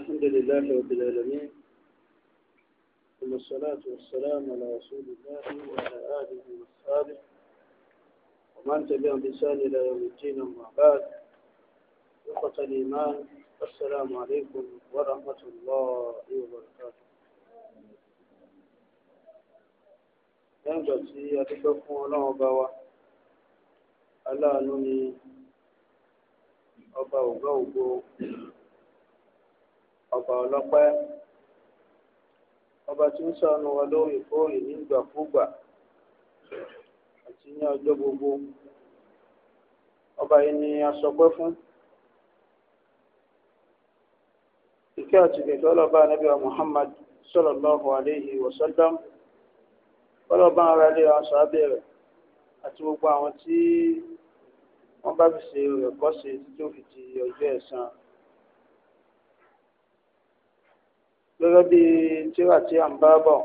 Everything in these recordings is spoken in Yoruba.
الحمد لله رب العالمين ثم الصلاة والسلام على رسول الله وعلى آله وأصحابه ومن تبعهم بإحسان إلى يوم الدين أما بعد إخوة الإيمان السلام عليكم ورحمة الله وبركاته lẹ́yìnbà tí a dúpẹ́ fún ọlọ́run ọba wa aláàánú ni ọba ògbà ògbó ọba ọlọpẹ, ọba tí ń sọnù wọn lóòrèkóòrè nígbàkúgbà àti ní ọjọ gbogbo ọba yìí ni a sọpẹ́ fún ìkẹ́ àti kẹ̀kẹ́ ọlọ́ba ànábì wa Muhammad sallallahu alayhi wa sallam ọlọ́ba ara lé aṣọ abẹ́rẹ́ àti gbogbo àwọn tí wọ́n bá fi ṣe ẹ̀kọ́ ṣe títí ó fi di ọjọ́ ẹ̀san. gẹ́gẹ́ bí tíra tí a ń bá bọ̀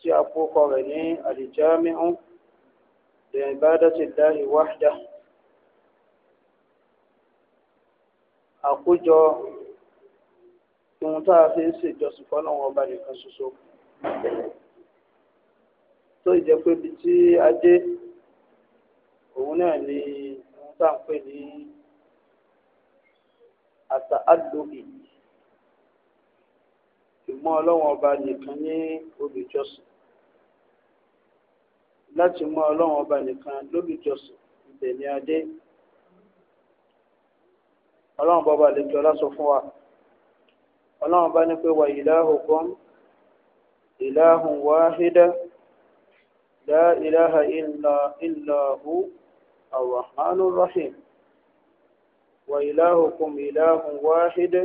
tí a kó kọ rẹ̀ ní àlìjámíhù lè bá dátì dáhì wáhdà àkójọ ohun tá a fi ń ṣèjọsìn fọ́nà wọn ọba nìkan ṣoṣo tó ìjẹ́ pé ibi tí a dé òun náà ni ohun tá à ń pè ní àtàádùn ìlú ṣùgbọ́n ọlọ́run ọba nìkan ní olùjọsìn láti mọ ọlọ́run ọba nìkan lólùjọsìn ibẹ̀ ni adé ọlọ́run bọ́ba àlejò ọlásọ fún wa ọlọ́run bá ní pé wà ilahukum ilahun wahida la ilaha illa illahu arrahmanur rahim wà ilahukum ilahun wahida.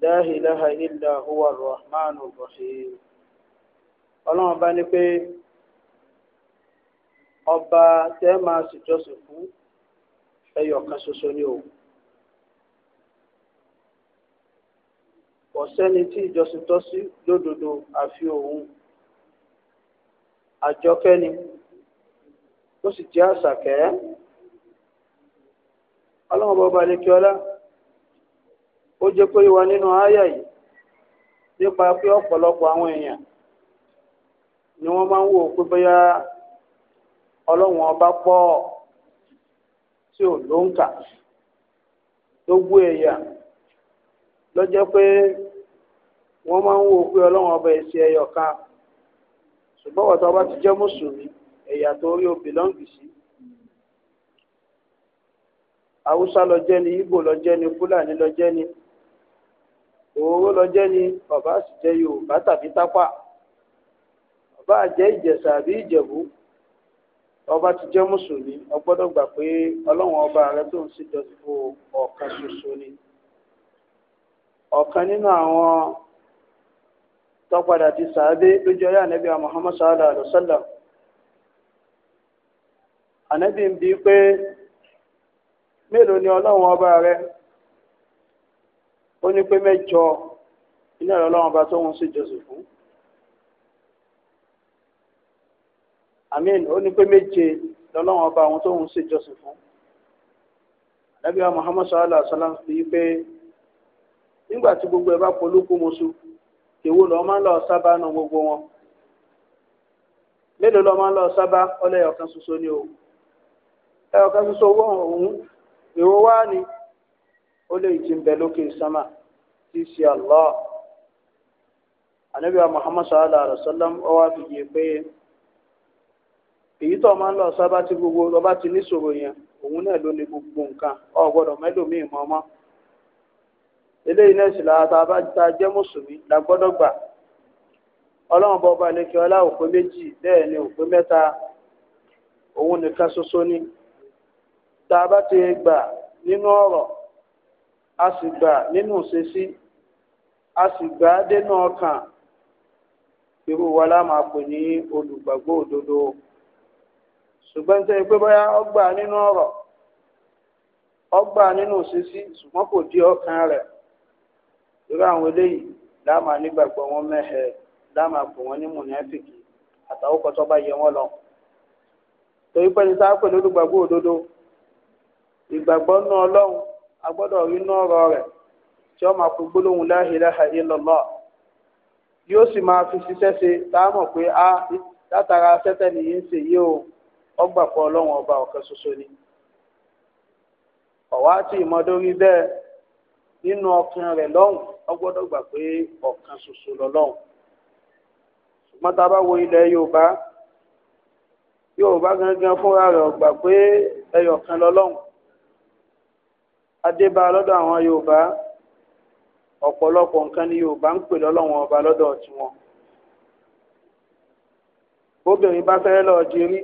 لا إله إلا هو الرحمن الرحيم ọlọ́run bá ní pé ọba tẹ́ máa ṣèjọsìn fún ẹyọ kan ṣoṣo ni o kò sẹ́ni tí ìjọsìn tọ́ sí lódodo àfi òun àjọkẹ́ni ó sì jẹ́ àṣàkẹ́ ọlọ́run bá balẹ̀ kí ọlá. ó jẹ́ pé wà nínú àyà yìí nípa pé ọ̀pọ̀lọpọ̀ àwọn èèyàn ni wọ́n máa ń wò pé bóyá ọlọ́run ọba pọ̀ tí ò ló ń kà gbogbo èèyàn ló jẹ́ pé wọ́n máa ń wò pé ọlọ́run ọba ẹyọ ṣùgbọ́n wọ́n tó bá ti jẹ́ mùsùlùmí ẹ̀yà tó rí obì lọ́ǹgì sí haúsá lọ jẹ́ ni ìgbò lọ jẹ́ ni fúlàní lọ ni òróró lọ́jẹ́ ni bàbá sì jẹ́ yorùbá tàbí àbí ọba ti jẹ́ mùsùlùmí o gbà pé ọba rẹ tó ń ṣèjọsìn fún ọkan ṣoṣo ni ọ̀kan nínú àwọn tọ́padà ti sàádé lójú ọyá Muhammad sallallahu alaihi wasallam ń bi pé mélòó ni ọlọ́run ó ní pé mẹ́jọ iná ìrọ̀lọ́ àwọn ọba tó ń ṣe jọ́sìn fún àmín ó ní pé méje lọ́lọ́wọ́n ọba àwọn tó ń ṣe jọ́sìn fún ànábì wa Muhammad sallallahu alaihi wa sallam fi pé nígbà tí gbogbo ẹ bá polúkú mọ́sù èwo lọ́ọ́ máa ń lọ sábà nù gbogbo wọn mélòó lọ́ọ́ máa ń lọ sábà ọlẹ́yọ̀kan ṣoṣo ni o ẹ̀yọ̀kan ṣoṣo wọ́n òun èwo wá ni. ó lè ti ń bẹ lókè sámà tí ṣe Allah anabi muhammad sallallahu alaihi wa sallam ó wá pé èyí tó máa ń lọ sábà tí gbogbo ọba ti níṣòro yẹn òun náà ló ní gbogbo nǹkan ọgbọdọ mọmọ eléyìí náà sì bá ta jẹ mùsùlùmí la gbà bọba lẹkẹ ọlá òpin méjì ni òpin ni tá a sì gbà nínú ìṣesí a sì gbà dénú ọkàn irú wa la máa pè ní olùgbàgbọ́ òdodo ṣùgbọ́n tẹ́ pé ọrọ, ọgbà nínú ọ̀rọ̀ ọgbà nínú kò di ọkàn rẹ̀ irú àwọn eléyìí láàmà nígbàgbọ́ wọn mẹ́hẹ̀ láàmà pè wọ́n ní mùnẹ́fìkì àtàwọn kọ́tọ́ bá yẹ lọ torí pè ní olùgbàgbọ́ òdodo ìgbàgbọ́ a gbọ́dọ̀ rí inú ọ̀rọ̀ rẹ̀ tí ó máa fi gbólóhùn la ilaha illallah yóò sì máa fi ṣiṣẹ́ ṣe tá a mọ̀ pé a ah, látara sẹ́tẹ̀ nìyí ń ṣe yìí o ọgbà pọ̀ ọlọ́run ọba ọ̀kan ṣoṣo ni ọ̀wá tí ìmọ̀dórí bẹ́ẹ̀ nínú ọkàn rẹ̀ lọ́hùn ọgbọ́dọ̀ gbà pé ọ̀kan ṣoṣo lọ́lọ́hùn ṣùgbọ́n tá a bá wo ilẹ̀ Yorùbá Yorùbá gangan fúnra rẹ̀ ọgbà pé ẹyọ̀kan lọ́lọ́hùn adébá lọ́dọ̀ àwọn yorùbá ọ̀pọ̀lọpọ̀ nǹkan ni yorùbá ń pè lọ́lọ́wọ́n ọba lọ́dọ̀ tiwọn bóbìnrin bá fẹ́ lọ́ọ́ di rí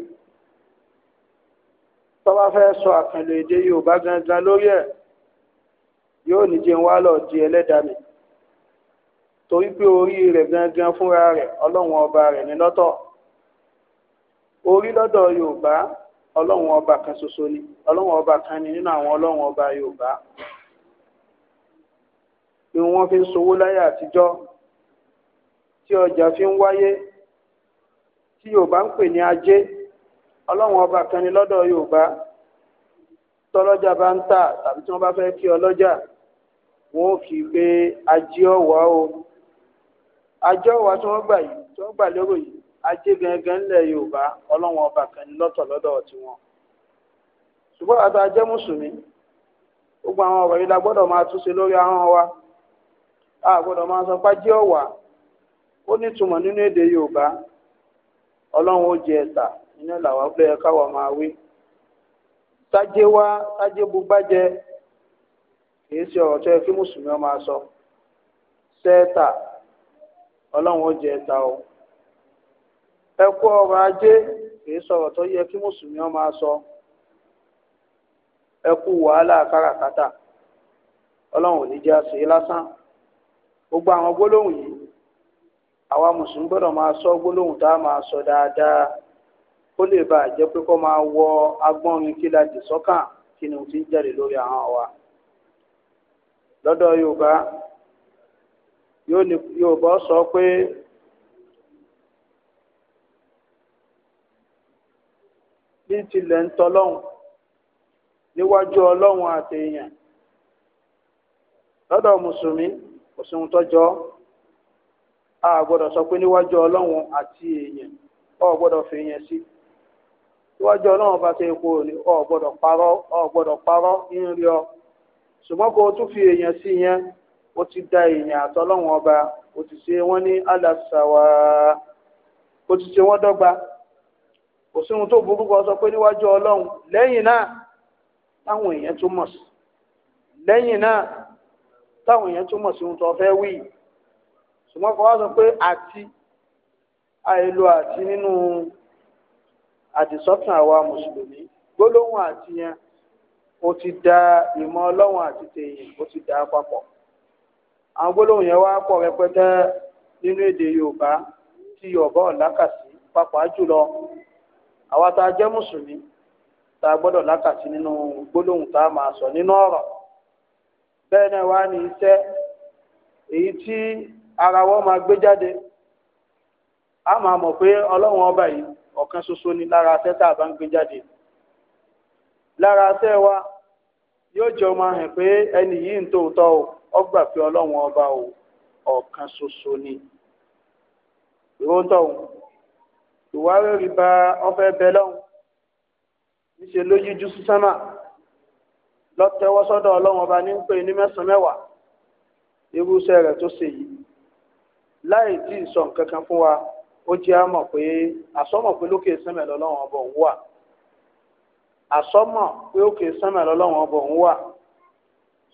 tọ́ba fẹ́ sọ àkànlò èdè yorùbá gangan lórí ẹ̀ yóò ní jẹun wá lọ́ọ́ di ẹlẹ́dàá mi torí pé orí rẹ̀ gangan fúnra rẹ̀ ọlọ́wọ́n ọba rẹ̀ ní lọ́tọ̀ orí lọ́dọ̀ yorùbá ọlọ́run ọba kan ṣoṣo ni ọlọ́run ọba kan ni nínú àwọn ọlọ́run ọba yorùbá bí wọ́n fi ń sowó láyé àtijọ́ tí ọjà fi ń wáyé tí yorùbá ń pè ní ajé ọlọ́run ọba kan ni lọ́dọ̀ yorùbá tọ́lọ́jà bá ń tà tàbí tí wọ́n bá fẹ́ kí ọlọ́jà wọn ò kì í pé ajé ọ̀wá o ajé ọ̀wá tí wọ́n gbà yìí tí wọ́n gbà lérò yìí ajé gẹ́gẹ́ ńlẹ̀ yorùbá ọlọ́run ọba kan lọ́tọ̀ lọ́dọ̀ tiwọn ṣùgbọ́n àti mùsùlùmí gbogbo àwọn ọ̀rọ̀ yìí la gbọ́dọ̀ máa túnṣe lórí ahọ́n wa a gbọ́dọ̀ máa sọ pé ajé ọ̀wà ó nítumọ̀ nínú èdè yorùbá ọlọ́run ó jẹ ẹ̀sà nínú làwa lóye káwa máa wí wá ọ̀rọ̀ máa sọ ẹ kú ọrọ̀ ajé kìí sọ̀rọ̀ tó yẹ kí mùsùlùmí ọ máa sọ ẹ wàhálà káràkátà ọlọ́run ò ní jẹ́ àṣeyí lásán gbogbo àwọn gbólóhùn yìí àwa mùsùlùmí gbọ́dọ̀ máa sọ gbólóhùn tá a máa sọ dáadáa kó lè ba a jẹ́ pé kó máa wọ agbọ́nrin kí la dì sọ́kàn kí ni òun ti ń jáde lórí àwọn wa lọ́dọ̀ yorùbá yorùbá sọ pé. tí tilẹ̀ ń tọ́lọ́hún níwájú ọlọ́run àti èèyàn lọ́dọ̀ mùsùlùmí kò sí ohun tọ́jọ́ a gbọ́dọ̀ sọ pé níwájú ọlọ́run àti èèyàn o gbọ́dọ̀ fi èèyàn sí níwájú ọlọ́run bá ṣe epo òní o gbọ́dọ̀ parọ́ o gbọ́dọ̀ parọ́ ń rí ọ ṣùgbọ́n kó o tún fi èèyàn sí yẹn ó ti da èèyàn àtọ́lọ́run ọba ó ti ṣe wọ́n ní alásàwà ó ti ṣe wọ́n dọ́gba kò sí ohun tó burú kọ sọ pé níwájú ọlọ́run lẹ́yìn náà táwọn èèyàn tún mọ̀ sí lẹ́yìn náà táwọn èèyàn tún mọ̀ sí ohun tó fẹ́ wí ṣùgbọ́n kọ́ wá sọ pé àti àìlò àti nínú àdìsọ́kàn àwa mùsùlùmí gbólóhùn àti yẹn ó ti da ìmọ̀ ọlọ́run àti tèèyàn ó ti da papọ̀ àwọn gbólóhùn yẹn wá pọ̀ rẹpẹtẹ nínú èdè yorùbá tí yorùbá ọ̀làkàsí pàápàá jùlọ àwa tá a jẹ́ mùsùlùmí tá a gbọ́dọ̀ lákàtí nínú gbólóhùn tá a máa sọ nínú ọ̀rọ̀ bẹ́ẹ̀ náà wá ní iṣẹ́ ara wọn máa gbé jáde a máa mọ̀ pé ọlọ́run ọba yìí ọ̀kan ṣoṣo ni lára aṣẹ́ tá a bá ń gbé jáde wa yóò jọ máa hàn pé ẹni yìí ń tòótọ́ o ọgbà pé ọlọ́run ọba o ọ̀kan ṣoṣo ni ìwárò rìbá ọfẹ bẹ lọhùn níṣẹ ló yíjú sí sánmà lọtẹwọ sọ́dọ̀ Ọlọ́run ọba ní ń pè ní mẹ́sàn mẹ́wàá irúṣẹ́ rẹ̀ tó ṣe yìí láì tí ì sọ nǹkan kan fún wa ó jẹ́ àmọ̀ pé àsọmọ̀ pé lókè sánmà lọ́lọ́run ọba òun wà àsọmọ̀ pé òkè sánmà lọ́lọ́run ọba òun wà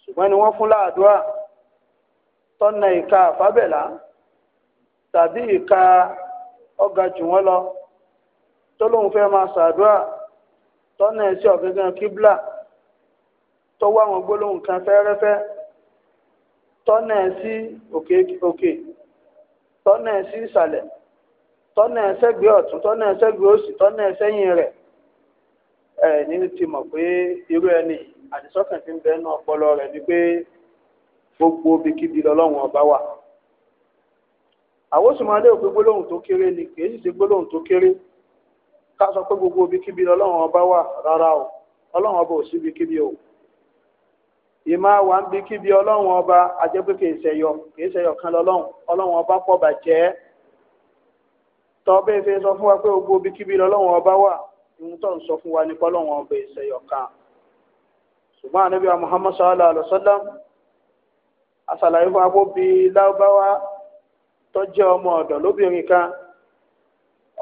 ṣùgbọ́n ni wọ́n fún láàdúrà tọ́nà ìka àfábẹ̀lá tàbí ìka ọ̀gá jù wọ́n lọ tó lóun fẹ́ máa ṣàdúrà tọ́nà ẹ̀ sí ọ̀gángan kíbla tó wá àwọn gbólóhùn kan fẹ́rẹ́fẹ́ tọ́nà ẹ̀ sí òkè òkè tọ́nà ẹ̀ sí ìsàlẹ̀ tọ́nà ẹ̀ sẹ́gbẹ̀ẹ́ ọ̀tún tọ́nà ẹ̀ sẹ́gbẹ̀ẹ́ òsì tọ́nà ẹ̀ sẹ́yìn rẹ̀ ẹ̀ nínú ti mọ̀ pé irú ẹni àdìsọ́kàn ti ń bẹ́ẹ̀ náà ọpọlọ rẹ̀ ni pé gbogbo bíkíbi lọ́lọ́run ọba wà àwòsùnmọ́lé ò pé gbólóhùn tó kéré ni kì í sì ṣe gbólóhùn tó kéré ká sọ pé gbogbo ibikíbi ọlọ́run ọba wà rárá o ọlọ́run ọba ò sí ibikíbi o ìmọ̀ wà ń bikíbi ọlọ́run ọba àjẹpé kì í ṣẹyọ kì í ṣẹyọ kan lọ́lọ́run ọlọ́run ọba pọ̀ bàjẹ́ tọ́bẹ́ fẹ́ sọ fún wa pé gbogbo ibikíbi ọlọ́run ọba wà ìhun tó ń sọ fún wa ní ọlọ́run ọba ìṣẹyọ kan ṣùgbọ́n ànábì wa Muhammad sallallahu alaihi wa sallam àṣàlàyé fún wa kó bi lábáwá tọ́jú ọmọ ọ̀dọ̀ lóbìnrin kan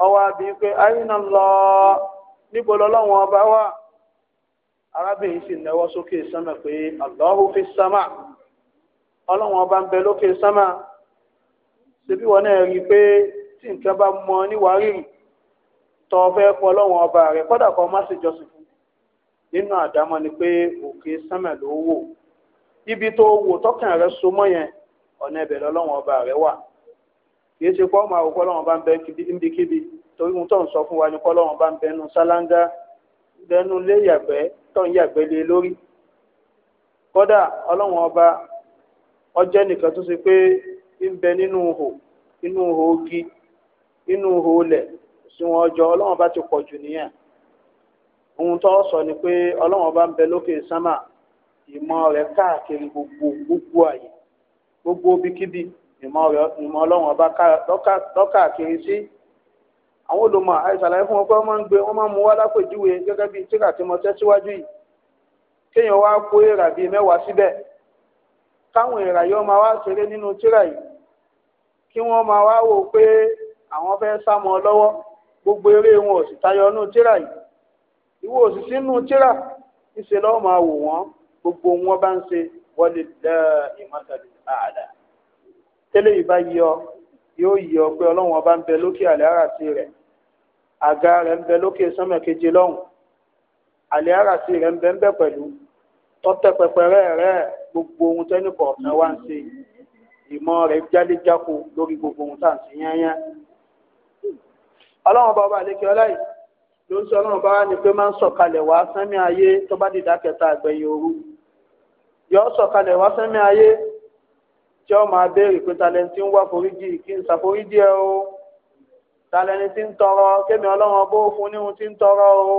ọwọ́ àbí pé àyínà lọ níbo lọ́lọ́wọ́n ọba wà arábìnrin sì náwó sókè sánmà pé Allahu fi sánmà ọlọ́wọ́n ọba ń bẹ lókè sánmà wọn náà mọ tọ́ fẹ́ ọlọ́wọ́n ọba kọ́dà má sì fún nínú àdámọ́ ni pé òkè sánmà ló wò ibi tó wò tọkàn rẹ̀ so mọ́ yẹn ọ̀nà ẹ̀bẹ̀ lọ́lọ́wọ́n ọba rẹ̀ wà. kì í ṣe pọ́ máa wò kọ́lọ́wọ́n bá ń bẹ níbikíbi torí ohun tó ń sọ fún wa ni kọ́lọ́wọ́n bá ń bẹnu ṣáláńgá bẹnu lé yàgbẹ́ tó ń yàgbẹ́ lé lórí kódà ọlọ́wọ́n ọba ọjẹ́ nìkan tó ṣe pé ń bẹ nínú ihò inú ihò ogi inú ihò olẹ̀ òṣùwọ̀n ọjọ́ ọlọ́wọ́n bá ti pọ̀ jù nìyẹn ohun tó sọ ni pé ọlọ́wọ́n bá ń bẹ lókè sánmà ìmọ̀ rẹ̀ káàkiri gbogbo gbogbo àyè gbogbo bíkíbi ìmọ̀ ọlọ́run ọba lọ́kàkiri sí àwọn olùmọ̀ àìsàlàyé fún wọn pé wọ́n máa ń gbé wọ́n máa ń mú wá lápèjúwe gẹ́gẹ́ bíi tíkà tí mo tẹ́ síwájú yìí kéèyàn wá kó èèrà bíi mẹ́wàá síbẹ̀ káwọn èèrà yìí wọ́n máa wá ṣeré nínú tíra yìí kí wọ́n máa wá wò pé àwọn fẹ́ sá mọ́ lọ́wọ́ gbogbo eré wọn ò sì tayọ inú tíra yìí ìwọ òsì sínú tíra ńṣe máa wò wọ́n gbogbo wọn bá ń ṣe wọlé dá ìmọ̀tàlẹ́ àdá tẹ́lẹ̀ yìí bá yọ yóò yọ pé ọlọ́run ọba ń bẹ lókè àlẹ́ àràsí rẹ̀ àga rẹ̀ ń bẹ lókè sánmà keje lọ́hùn àlẹ́ àràsí rẹ̀ ń bẹ ń bẹ pẹ̀lú tọ́tẹ́ pẹpẹ rẹ́ẹ̀rẹ́ gbogbo ohun tẹ́nì kọ̀ọ̀kan wá ń ṣe ìmọ̀ rẹ̀ jáléjáko lórí gbogbo ohun tá à ń ṣe yányán ọlọ́run ọba ọba àlékè ọláyìí ló ń sọ ọlọ́run bá wá ní pé máa ń sọ̀kalẹ̀ wá sánmi ayé tó bá dìdá kẹta àgbẹ̀yìn òru yọ sọ̀kalẹ̀ wá sánmi ayé tí ó máa béèrè pé talẹ́ni tí ń wá foríjì kí n ṣàforíjì ẹ o talẹ́ni tí ń tọrọ kémi ọlọ́run ọbọ̀ fún níhun tí ń tọrọ o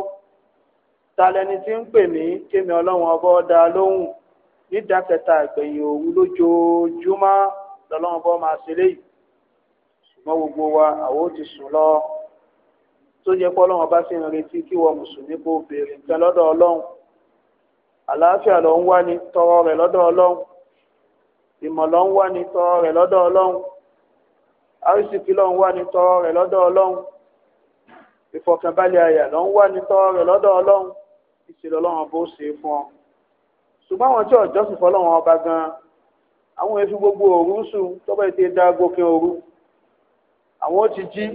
talẹ́ni tí ń pè mí kémi ọlọ́run ọbọ̀ dá lóhùn nídàkẹ́ta ìgbẹ̀yìn òru lójoojúmọ́ lọ́lọ́run ọbọ̀ máa ṣe léyìí ṣùgbọ́n gbogbo wa àwọn ò ti sùn lọ tó yẹ kó ọlọ́run ọba sì ń retí kí wọ́n mùsùlùmí kó béèrè nǹkan lọ́dọ̀ ọlọ́run àlàáfíà ló ń wá ní tọrọ rẹ̀ lọ́dọ̀ ọlọ́run ìmọ̀lọ́ ń wá ní tọ́ rẹ̀ lọ́dọ̀ ọlọ́run àrísìkí lọ́ ń wá ní tọ́ rẹ̀ lọ́dọ̀ ọlọ́run ìfọ̀kànbalẹ̀ àyà lọ́ ń wá ní tọ́ rẹ̀ lọ́dọ̀ ọlọ́run ìṣèlú ọlọ́run bó ṣe fún ọ. ṣùgbọ́n àwọn tí ọ̀jọ́ sì fọlọ́run ọba gan àwọn efi gbogbo òru ń sùn tọ́pẹ́ ti dá gòkè òru àwọn ó ti jí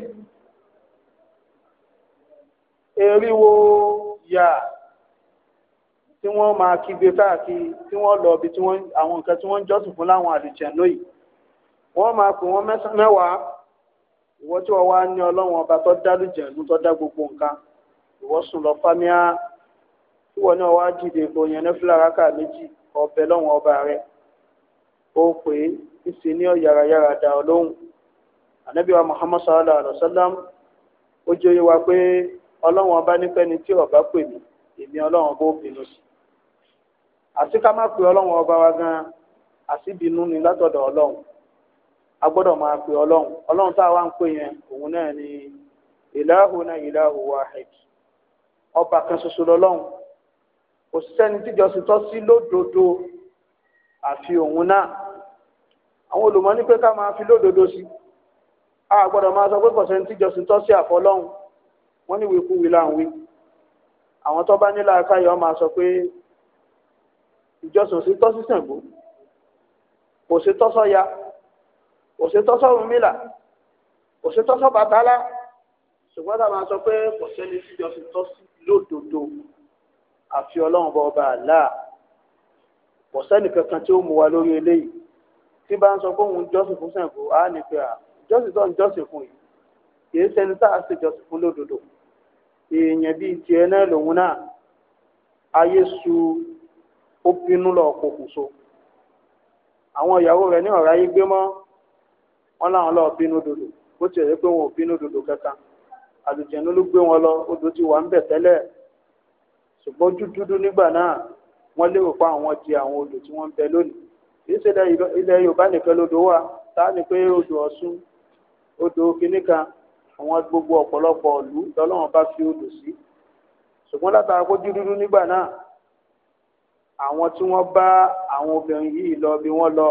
eriwo yà. Yeah tí wọ́n máa kígbe káàkiri tí wọ́n lọ ibi tí wọ́n àwọn nǹkan tí wọ́n ń jọ́sìn fún láwọn àlùjànnú yìí wọ́n máa pè wọ́n mẹ́sàn-án mẹ́wàá ìwọ tí wọ́n wá ní ọlọ́run ọba tó dá àlùjànnú tó dá gbogbo nǹkan ìwọ sùn lọ fámíà tí wọ́n náà wá dìde ìbòyàn ní fúlàrákà méjì ọbẹ̀ lọ́wọ́n ọba rẹ̀ ó pè é ìsìn ní ọ̀yàràyàrà dà ọ́ lóhùn ànábì Muhammad sallallahu alayhi wa sallam ó jẹ́ oyè wa pé ọlọ́run ọba nípẹ́ni tí ọba pè mí èmi ọlọ́run ọba ó bínú sí àti ká má pe ọlọ́run ọba wa gan àti ìbínú ni látọ̀dọ̀ ọlọ́run a gbọ́dọ̀ máa pe ọlọ́run ọlọ́run tá a wá ń pè yẹn òun náà ni ìlàhùn ìlàhùn wahid ọba kan ṣoṣo lọ́lọ́run kò sẹ́ni tíjọsìn tọ́ sí lódodo àfi òun náà àwọn olùmọ̀ ní pé ká máa fi lódodo sí a gbọ́dọ̀ máa sọ pé kò sẹ́ni tíjọsìn tọ́ sí àfọlọ́run wọ́n ní wíkúwí láǹwí àwọn tó bá nílò akáyọ̀ máa sọ pé ìjọsìn òsè tọ́sí Ṣàngó òsè tọ́sọ́ ya òsè tọ́sọ́ Ọ̀rúnmìlà òsè tọ́sọ́ Bàtálá ṣùgbọ́n tá a máa sọ pé kò sẹ́ni tí ìjọsìn tọ́sí lódodo àfi ọlọ́run bá ọba àlá kò sẹ́ni kankan tí ó mú wa lórí eléyìí tí bá ń sọ pé òun jọ́sìn fún Ṣàngó á ní pé à jọ́sìn tó ń jọ́sìn fún yìí kì í sẹ́ni tá a ṣe jọ́sìn fún lódodo èèyàn bíi tiẹ̀ náà lòun náà ayé su ó bínú lọ pokùnso àwọn ìyàwó rẹ̀ ní ọ̀rá yìí gbé mọ́ wọn láwọn lọ bínú dòdò bó tiẹ̀ yẹ pé wọn ò bínú dòdò kankan àlùjẹ̀nu ló gbé wọn lọ odò ti wà ń bẹ̀ tẹ́lẹ̀ ṣùgbọ́n dúdúdú nígbà náà wọ́n lérò pa àwọn di àwọn odò tí wọ́n ń bẹ lónìí kì í ṣe ilẹ̀ Yorùbá nìkan lodò wà tá a ní pé odò Ọ̀ṣun odò kìíní kan àwọn gbogbo ọ̀pọ̀lọpọ̀ ìlú lọ́lọ́run bá fi odò sí ṣùgbọ́n látara kó dúdúdú nígbà náà àwọn tí wọ́n bá àwọn obìnrin yìí lọ bí wọ́n lọ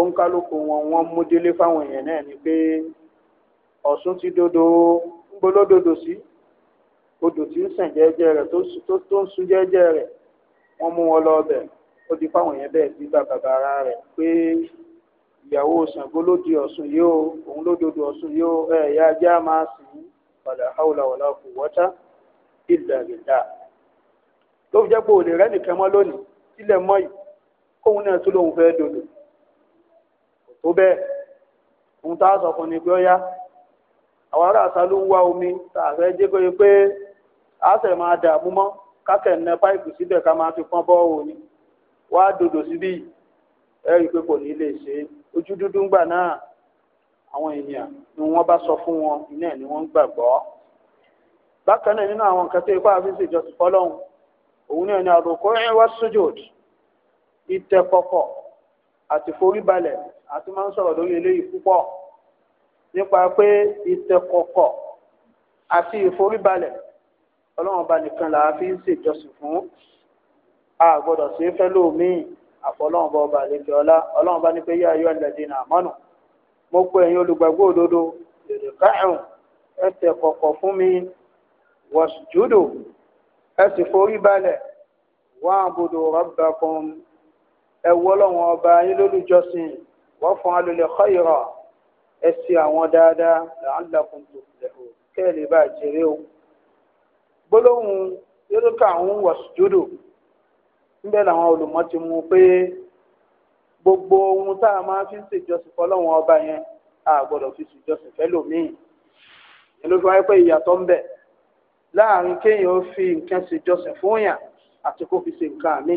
òǹkálùkù wọn wọ́n mú délé fáwọn èèyàn náà ni pé ọ̀sùn ti dodo ń gbólódodo sí odò tí ń sàn jẹ́jẹ́ rẹ̀ tó ń sun jẹ́jẹ́ rẹ̀ wọ́n mú wọn lọ ọbẹ̀ ó di fáwọn èèyàn bẹ́ẹ̀ sí bàbàbà ara rẹ̀ pé ìyàwó Ṣàngó ló di Ọ̀ṣun yìí o òun ló dodo Ọ̀ṣun yìí o ẹ̀ẹ́yà ajá máa sìn ín wàlà haúlà wàlà kù wọ́tá ìdàgìdà tó fi jẹ́ pé òlè rẹ́ nìkan mọ́ lónìí sílẹ̀ mọ́ yìí kóun náà tún lòun fẹ́ dòdò tó bẹ́ẹ̀ òun tá a sọ fún ni pé ó yá àwọn ará àṣálù ń wá omi tá a fẹ́ jẹ́ pé pé a sẹ̀ máa dà mú mọ́ kákẹ́ ǹnẹ́ páìpù síbẹ̀ ká máa fi pọ́n bọ́ọ̀ ni wá dòdò síbí ẹ pé kò ní lè ṣe ojú dúdú ń gbà náà àwọn èèyàn ni wọ́n bá sọ fún wọn iná ni wọ́n gbàgbọ́ bákan náà nínú àwọn nǹkan tó ipá fi ṣèjọsìn fọlọ́hún òun niile ni àròkọ ẹwà sojod ìtẹkọkọ àti foríbalẹ̀ àti máa ń sọ̀rọ̀ lórí eléyìí púpọ̀ nípa pé ìtẹkọkọ àti ìforíbalẹ̀ Ọlọ́run nìkan là fi ń ṣèjọsìn fún a gbọ́dọ̀ sí fẹ́ lómìn àfọlọ́run ọba ọba àlejò ọlá ní pé yá mo pe ẹ̀yin fún mi ẹ sì forí balẹ̀ wọ́n àbùdó rọ́bà kan ẹ wọ́lọ́wọ́n ọba yín lólùjọ́sìn wọ́n fún alùlẹ̀ kọ́ìrọ̀ ẹ sì àwọn dáadáa làálàkùn tó lẹ̀ o kẹ́ẹ̀lì bá jèrè o. gbólóhùn yorùbá àwọn wàsíjúdù níbẹ̀ làwọn olùmọ̀ ti mú pé gbogbo ohun tá a máa fi ń ṣèjọsìn fọlọ́wọ́n ọba yẹn a gbọ́dọ̀ fi ṣèjọsìn fẹ́lòmíì ìlú fi wáyé pé ìyàtọ̀ ń bẹ láàrin kéèyàn ó fi nǹkan ṣèjọsìn fún yàn àti kó fi ṣe nǹkan àmì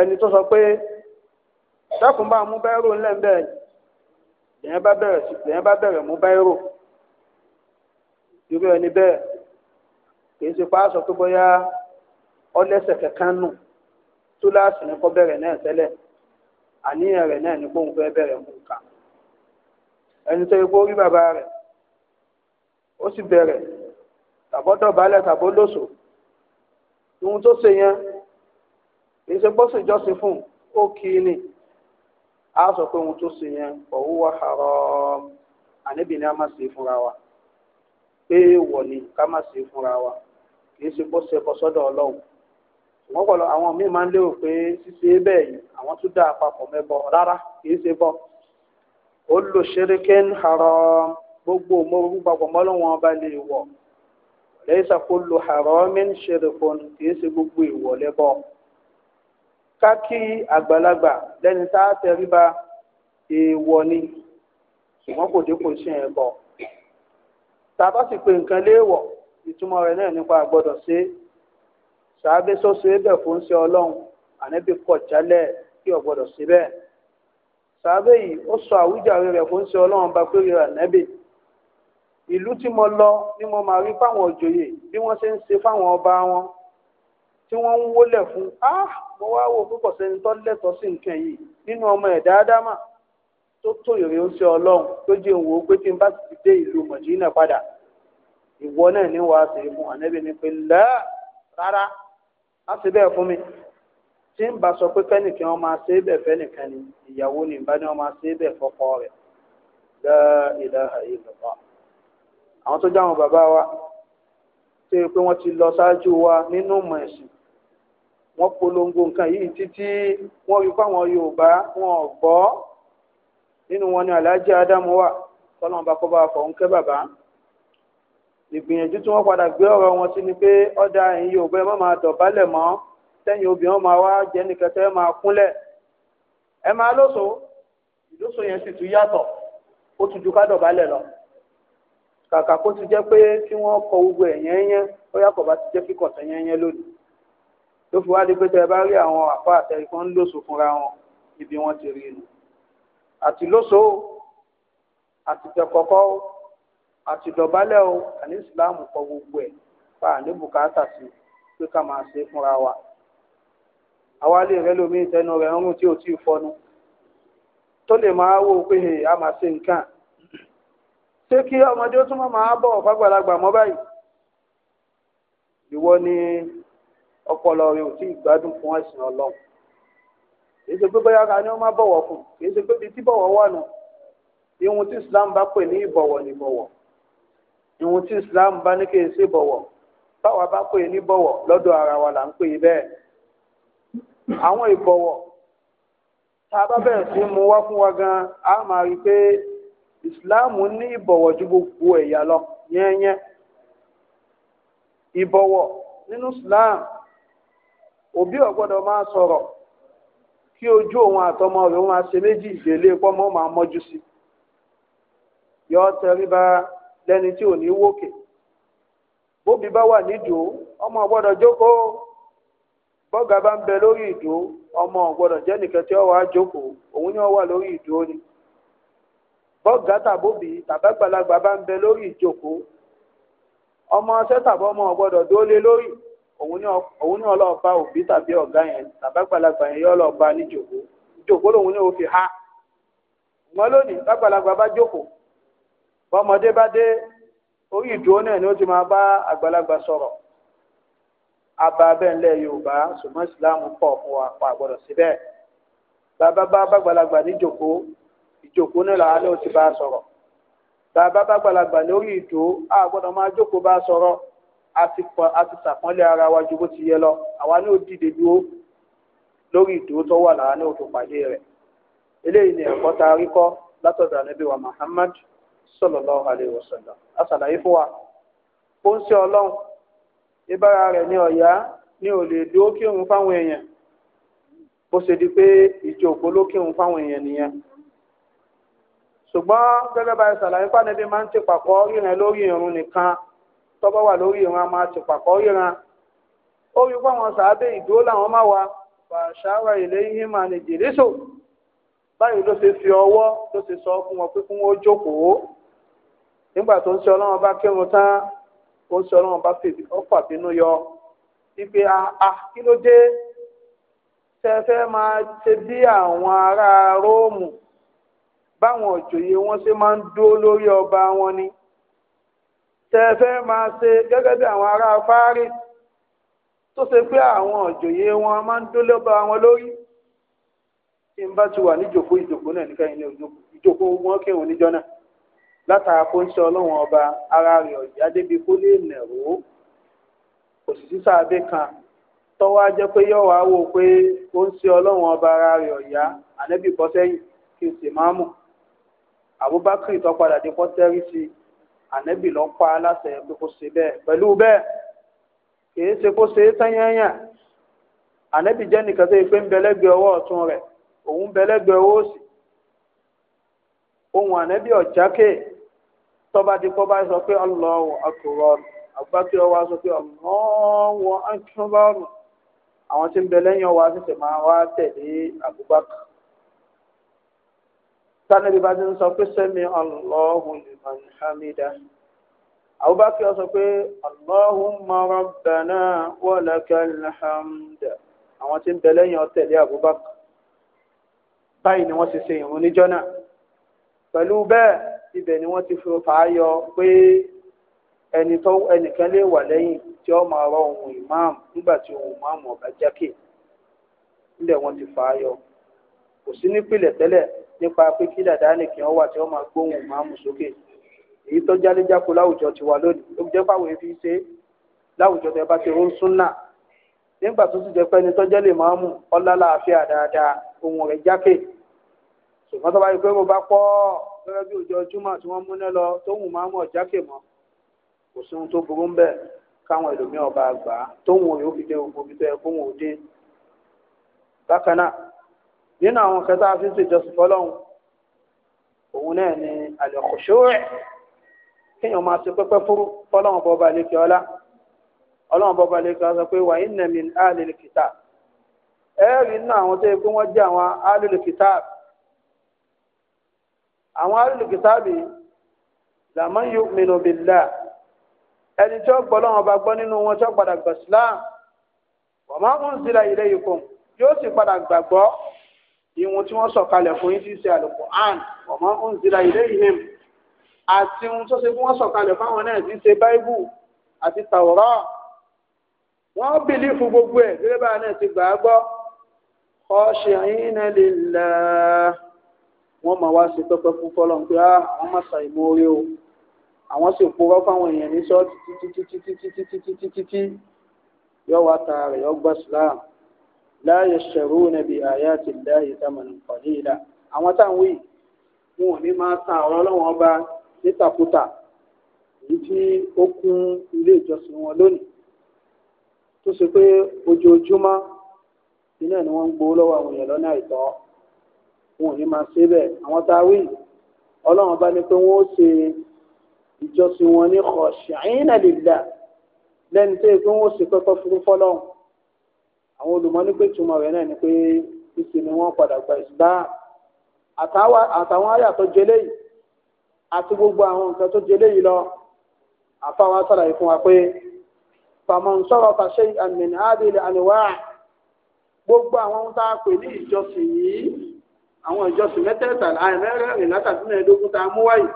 ẹni tó sọ pé dákun bá mú báírò ńlẹ̀ ńbẹ̀ lèyàn bá bẹ̀rẹ̀ lèyàn bá bẹ̀rẹ̀ mú báírò irú ẹni bẹ́ẹ̀ kìí ṣe pàṣọ tó bóyá ọlẹ́sẹ̀ kankan nù túláàsì ní kó bẹ̀rẹ̀ náà tẹ́lẹ̀ àníyàn rẹ̀ náà ní kóun fẹ́ bẹ̀rẹ̀ mú nǹkan ẹni tó yẹ kó rí bàbá rẹ̀ ó sì bẹ̀rẹ̀ tàbọ́dọ̀ balẹ̀ tàbó lòsò ohun tó ṣe yẹn kì í ṣe pọ́ ṣèjọ́sìn fún ó kì ni a sọ pé ohun tó ṣe yẹn ọ̀hún wà haram àníbi ni a máa ṣe fúnra wa pé wọ̀ ni ká máa ṣe fúnra wa kì í ṣe pọ́ ṣe ẹ̀kọ́ sọ́dọ̀ ọlọ́run ṣùgbọ́n pọ̀lọ́ àwọn míì máa ń lérò pé ṣíṣe bẹ́ẹ̀ yìí àwọn tún dá àpapọ̀ mẹ́bọ rárá kì í ṣe bọ́ ó lò ṣerékẹ́ ń haram gbogbo òmòrún papọ̀ mọ́lọ́wọ́n ọba lè wọ̀ lẹ́sà kó lo haramin ṣerifon kìí ṣe gbogbo ìwọ̀ lẹ́bọ̀ ká kí àgbàlagbà lẹ́ni tá a tẹríba èèwọ̀ ni ṣùgbọ́n kò dínkù sí ẹ̀ bọ̀ tàbá sì pé nǹkan léèwọ̀ ìtumọ̀ rẹ̀ náà nípa àgbọ́dọ̀ ṣe ṣàábé sọ́sọ ebẹ̀ fún ṣe ọlọ́run ànábì kọ̀ jálẹ̀ kí ọ̀gbọ́dọ̀ ṣe bẹ́ẹ̀ ṣàábé yìí ó sọ àwíjàre rẹ̀ fún ṣe ọlọ́run bá pé rẹ̀ ànábì ìlú tí mo lọ ni mo máa rí fáwọn òjòyè bí wọ́n ṣe ń ṣe fáwọn ọba wọn tí wọ́n ń wólẹ̀ fún ah mo wá wò púpọ̀ sẹ́ni tó lẹ́tọ̀ọ́ sí nǹkan yìí nínú ọmọ ẹ̀dá ádámà tó tó ìrè oṣù ọlọ́run tó jẹ́ òun wò pé tí n bá ti dé ìlú mọ̀jìnà padà ìwọ náà ní wàá sì fún ànábì ni pé lẹ́ rárá á sì bẹ́ẹ̀ fún mi tí n bá sọ pé fẹ́nìkan wọn máa ṣe é ni ìyàwó ni ìbá ni wọn máa ṣe é bẹ́ẹ̀ fọ́kọ rẹ̀ lẹ́ àwọn tó jáwọn bàbá wa tó yẹ pé wọ́n ti lọ ṣáájú wa nínú ìmọ̀ ẹ̀sìn wọ́n polongo nǹkan yìí títí wọ́n rí fáwọn Yorùbá wọn ò nínú wọn ni Alhaji Adamu wà kọ́lọ́n bá kọ́ bá fọ̀hún kẹ́ bàbá ìgbìyànjú tí wọ́n padà gbé ọ̀rọ̀ wọn sí ni pé ọ̀dà ẹ̀yin Yorùbá ẹ má máa dọ̀bálẹ̀ mọ́ tẹ́yìn obìnrin máa wá jẹ́ nìkẹ́tẹ́ máa kúnlẹ̀ ẹ máa lóso ìlóso yẹn sì tún yàtọ̀ ó tún ju ká dọ̀bálẹ̀ lọ kàkà kó ti jẹ́ pé tí wọ́n kọ gbogbo ẹ̀ yẹ́nyẹ́n ó yàtọ̀ bá ti jẹ́ kíkọ̀ tán yẹ́nyẹ́n lónìí tó fi wá di pé tẹ́ ẹ bá rí àwọn àfa àtẹ̀rí kan lóṣù fúnra wọn ibi wọn ti rí inú àti lóṣòó àti tẹ̀kọ́kọ́ àti dọ̀bálẹ̀ o àní ìsìláàmù kọ gbogbo ẹ̀ pa àní bùkátà sí pé ká máa ṣe fúnra wa àwa lè rẹ lómi ìtẹnu rẹ ń rún tí ò tí fọnu tó lè máa wò pé a máa ṣe nǹkan ṣé kí ọmọdé ó túnmọ̀ máa bọ̀ fàgbàlagbà mọ́ báyìí ìwọ ni ọpọlọ rẹ ò tí ì gbádùn fún ẹ̀sìn Ọlọ́run kì í ṣe pé bóyá ká ní ó má bọ̀wọ̀ fún kì í ṣe pé ibi tí bọ̀wọ̀ wà nù ihun tí Islam bá pè ní ìbọ̀wọ̀ ní bọ̀wọ̀ ihun tí Islam bá ní kì í ṣe bọ̀wọ̀ báwa bá pè ní bọ̀wọ̀ lọ́dọ̀ ara wa là ń pè bẹ́ẹ̀ àwọn ìbọ̀wọ̀ tá a bá bẹ̀rẹ̀ sí mu wá fún wa gan a máa rí i pé ìsìláàmù ní ìbọ̀wọ̀ ju gbogbo ẹ̀yà lọ yẹ́nyẹ́ ìbọ̀wọ̀ nínú ìsìláàmù òbí ò gbọ́dọ̀ máa sọ̀rọ̀ kí ojú òun àtọmọ rẹ̀ máa ṣe méjì ìgbélé pọ́mọ́ máa mọ́jú sí yọ tẹríba lẹ́ni tí ò ní wókè bóbi bá wà nídòó ọmọ ò jókòó bọ́gà bá ń bẹ lórí ìdòó ọmọ ò gbọ́dọ̀ tí ọ wàá jókòó òun ni ó wà lórí ìdòó ni. bọ́ọ̀gá tàbóbì tàbágbàlagbà bá ń bẹ lórí ìjókòó ọmọ ọṣẹ́ tàbí ọmọ ọ̀gbọ́dọ̀ dúró lé lórí òun ní ọlọ́ọ̀bá òbí tàbí ọ̀gá yẹn tàbágbàlagbà yẹn yọ ọlọ́ọ̀bá níjókòó ìjókòó lòun ní òfin ha wọn lónìí bàgbàlagbà bá jókòó bọ́mọdé bá dé orí ìdúró náà ni ó ti máa bá àgbàlagbà sọ̀rọ̀ àbá bẹ́ẹ̀ ńlẹ̀ Yorùbá ṣùgbọ́n ìsìláàmù pọ̀ fún wa pa àgbọ̀dọ̀ síbẹ̀ bàbá bá bàgbàlagbà níjókòó ìjókòó náà làwọn náà ti bá a sọ̀rọ̀ bàbá bá gbàlagbà lórí ìdó a gbọ́dọ̀ máa jókòó bá a sọ̀rọ̀ a ti sàpọ́nlé ara wa ju bó ti yẹ lọ àwa náà dìde dúró lórí ìdó tó wà tó pàdé rẹ̀ eléyìí ni wa Muhammad fún wa ó ń ṣe ọlọ́run ìbára rẹ̀ ní ọ̀yá ò lè dúró kírun fáwọn èèyàn bó ṣe di ṣùgbọ́n gẹ́gẹ́ bá ẹ ṣàlàyé pàdébí máa ń ti pàkọ́ ríran lórí irun nìkan tọ́gbọ́ wà lórí irun a máa ti pàkọ́ ríran ó rí fáwọn sàábé ìdúró làwọn máa wà fàṣàrà ìléyìn máa ní jìlísò báyìí ló ṣe fi ọwọ́ ló ṣe sọ fún wọn pé fún wọn ó jókòó nígbà tó ń ṣe ọlọ́run bá kírun tán ó ń ṣe ọlọ́run bá ọ̀pọ̀ àbínú yọ wípé a ah, ah, kí ló dé fẹ́ àwọn ará róòmù báwọn òjòyè wọn ṣe máa ń dúró lórí ọba wọn ni tẹ́fẹ́ máa ṣe gẹ́gẹ́ bí àwọn ará fáárì tó ṣe pé àwọn òjòyè wọn máa ń dúró lọ́ba wọn lórí tí n bá ti wà níjòkó ìjòkó náà nìkan ilé ìjòkó wọn kéwọn níjọ náà látara kó ń ṣe ọlọ́wọ́n ọba ara rẹ̀ ọ̀jà débi lè nẹ̀ró òṣìṣẹ́ sáadé kan tọ́wọ́ á pé yọ̀ wá wò pé ó ń ṣe ọlọ́wọ́n ọba ara rẹ̀ ọ̀yá ànẹ́bì bọ́ kí n sì máa mọ̀ abubakar tó padà di pọ́tẹ́rì sí ànẹ́bì lọ pa á láṣẹ pé kó ṣe bẹ́ẹ̀ pẹ̀lú bẹ́ẹ̀ kìí ṣe kó ṣe é tẹ́yẹ́yàn ànẹ́bì jẹ́ nìkan tó yẹ pé ń bẹ lẹ́gbẹ̀ẹ́ ọwọ́ ọ̀tún rẹ̀ òun ń bẹ lẹ́gbẹ̀ẹ́ ọwọ́ òsì ohun ànẹ́bì ọ̀jákè tọ́ba di pọ́ bá sọ pé Allahu akbar abubakar wa sọ pé Allahu akbar àwọn tí ń bẹ lẹ́yìn ọwọ́ àṣẹṣẹ máa wá tẹ̀lé abubakar sanabi bá ti ń sọ pé sẹ́mi Allahu liman hamidah Abubakar sọ pé Allahumma rabbana wa lakal hamd àwọn tí ń bẹ lẹ́yìn ọ̀tẹ̀lé Abubakar báyìí ni wọ́n ti ṣe ìrún níjọ́ náà pẹ̀lú bẹ́ẹ̀ ibẹ̀ ni wọ́n ti fi fàáyọ pé ẹni tó ẹnìkan lè wà lẹ́yìn tí ó máa rọ ohun ìmáàmù nígbà tí ohun ìmáàmù ọ̀gá jákè nílẹ̀ wọ́n ti fàáyọ kò sí nípìnlẹ̀ tẹ́lẹ̀ nípa pé kí dàdáni kì wọ́n wà tí wọ́n máa gbóhùn máàmù sókè èyí tó jáléjáko láwùjọ ti wà lónìí ó jẹ́ pàwọ́ efi ṣe láwùjọ tẹ bá ti ń súnà nígbà tó ti jẹ́ pé ẹni tó jẹ́ lè máàmù ọlá láàfíà dáadáa ohun rẹ̀ jákè ṣùgbọ́n tó bá yẹ pé mo bá pọ́ gẹ́gẹ́ bí òjò júmọ̀ tí wọ́n múná lọ tóhùn máàmù ọ̀jákè mọ́ kò sí ohun tó burú ń bẹ̀ káwọn ẹlòmíràn bá gbà á tóhùn òyò fi dé gbogbo ibi tó yẹ nínú àwọn kẹta fi ń ṣèjọsìn fọlọ́hún òun náà ni àlẹ́kọ̀ṣọ́ ẹ̀ kéèyàn máa ṣe pẹ́pẹ́ fúrú fọlọ́hún bọ́ba àlekè ọlá ọlọ́hún bọ́ba àlekè ọlá sọ pé wà inna min alil kitab ẹ̀ẹ́rì nínú àwọn tó yẹ pé wọ́n jẹ́ àwọn alil kitab àwọn alil kitab yìí làmọ́ yu'minu billah ẹni tí ó gbọ́ lọ́wọ́ bá gbọ́ nínú wọn tí ó padà gbà sílámù wa ma unzila ilaykum yóò sì padà gbàgbọ́ ìwọ̀n tí wọ́n sọ̀kalẹ̀ fún yín ti ṣe Al-Qur'an ọmọ unzila ilayhim àti ohun tó ṣe fún wọn sọ̀kalẹ̀ fáwọn náà ti ṣe báíbù àti tàwọ̀rọ̀ wọ́n bìlífù gbogbo ẹ̀ gẹ́gẹ́ bá náà ti gbà á gbọ́ khashi'ina lillah wọ́n máa wá sí pẹ́pẹ́ fún fọ́lọ́n pé ah, àwọn máa ṣàì mórí o àwọn sì purọ́ fáwọn èèyàn ní ṣọ́ọ̀tì títí títí títí títí títí yọ wá tààrẹ̀ yọ gbà síláàmù la yashtaruna bi ayati Allahi thamanan qalila àwọn táwọn wí wọn ò ní máa san ọ̀rọ̀ ọlọ́wọ́n ọba nítakúta èyí tí ó kún ilé ìjọsìn wọn lónìí tó ṣe pé ojoojúmọ́ iná ni wọ́n ń gbowó lọ́wọ́ àwọn èèyàn lọ́nà àìtọ́ wọn ní máa ṣe bẹ́ẹ̀ àwọn tá a wí ọlọ́wọ́n ọba ní pé wọ́n ó ṣe ìjọsìn wọn ní khashi'ina lillah lẹ́ni tó yẹ pé wọ́n ó ṣe pẹ́pẹ́ fúrúfọ́ lọ́hùn àwọn ní pé túmọ̀ rẹ̀ náà ni pé ìsì ni wọn padà gba ìsìgbà àtàwọn àyà tó jẹ léyìí àti gbogbo àwọn nǹkan tó jẹ lọ àfáwọn asàlàyé fún wa pé famo ń fàṣẹ àmìnà gbogbo àwọn ohun tá a pè ní ìjọsìn yìí àwọn ìjọsìn tá a mú wáyìí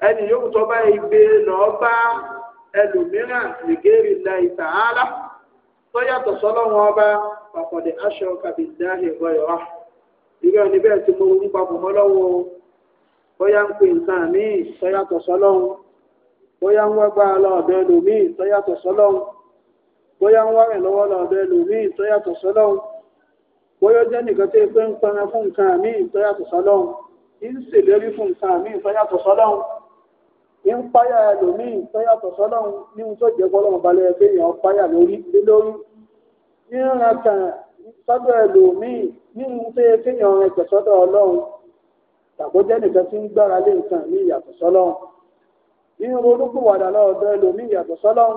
ẹni bá igbe tó yàtọ̀ sọ́lọ́wọ́n ọba pàpọ̀dé aṣọ kàbíyáhì ìgbọ̀yọ̀ wa ìgbà níbẹ̀ tí mo ń papọ̀ mọ́ lọ́wọ́ bóyá ń pè nǹkan míì tó yàtọ̀ sọ́lọ́wọ́n bóyá ń wágbá lọ́ọ̀dọ̀ ẹlòmíì tó yàtọ̀ sọ́lọ́wọ́n bóyá ń wárìn ń fún nǹkan míì ń ṣèlérí ń páyà ẹlòmíì tó yàtọ̀ sọ́lọ́run ní ohun tó jẹ́ kọ́lọ́run balẹ̀ ẹgbẹ́ èèyàn páyà lórí lé lórí ní ìran kan sọ́dọ̀ ẹlòmíì ní ohun tó yẹ kéèyàn rẹ̀ tẹ̀ sọ́dọ̀ ọlọ́run tàbójẹ́ nìkan tí ń gbára lé nǹkan ní ìyàtọ̀ sọ́lọ́run ní orúkú wàdà lọ́dọ̀ ẹlòmíì ìyàtọ̀ sọ́lọ́run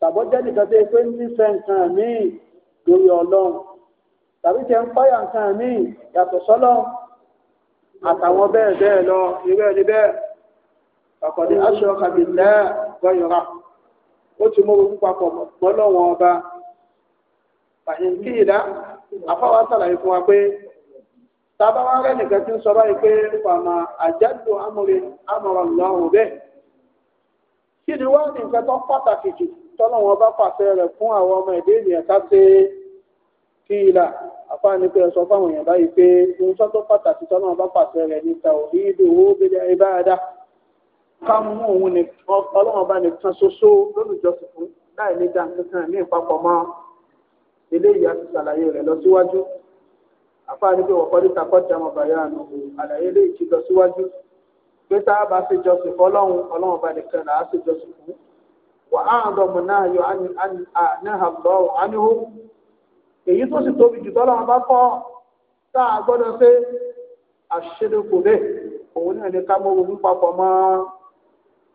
tàbójẹ́ nìkan tó yẹ pé nífẹ̀ẹ́ nǹkan míì lórí ọlọ́run tàbí tẹ ń páyà nǹkan míì ìyàtọ̀ sọ́lọ́run àtàwọn bẹ́ẹ̀ bẹ́ẹ̀ lọ irú ẹni bẹ́ẹ̀ ọ̀kọ̀dé aṣọ́ka bí lẹ́ gbọ́yọ̀rá ó ti mú orúkọ papọ̀ mọ́lọ́wọ́n ọba fàyínkìlá afọwọ́ sàlàyé fún wa pé tábà wá rẹ́ nìkan tí ń sọ báyìí pé fàmà àjálù amòrè amòrò lọ́rùn bẹ́ẹ̀ kí ni wọ́n ní nǹkan tó pàtàkì jù tọ́lọ́wọ́n bá pàṣẹ rẹ̀ fún àwọn ọmọ ẹ̀dẹ́ ènìyàn ká ṣe kíìlà àfáàní pé ẹ sọ fáwọn èèyàn báyìí pé ohun tó pàtàkì tọ́lọ́wọ́n bá pàṣẹ rẹ̀ ní tàwọn ìdòwò bẹ́ẹ̀ ibáradá ká mú òun ní ọlọ́run ọba nìkan ṣoṣo lólùjọsìn fún láì ní dáńkankan ní ìpapọ̀ mọ́ eléyìí àti ṣàlàyé rẹ̀ lọ síwájú àfáàní pé wọ́pọ̀ níta kọjá ọmọ bàyá àná àlàyé eléyìí ti lọ síwájú pé tá a bá ṣe jọsìn fún ọlọ́run ọlọ́run ọba nìkan là á ṣe jọsìn fún wà á hàn dọ̀mù náà yọ náà lọ àníhó èyí tó sì tóbi jù tọ́lọ́run bá kọ́ tá a gbọ́dọ̀ ṣe àṣedokò bẹ́ẹ̀ òun náà ní ká mọ́ ogun papọ̀ mọ́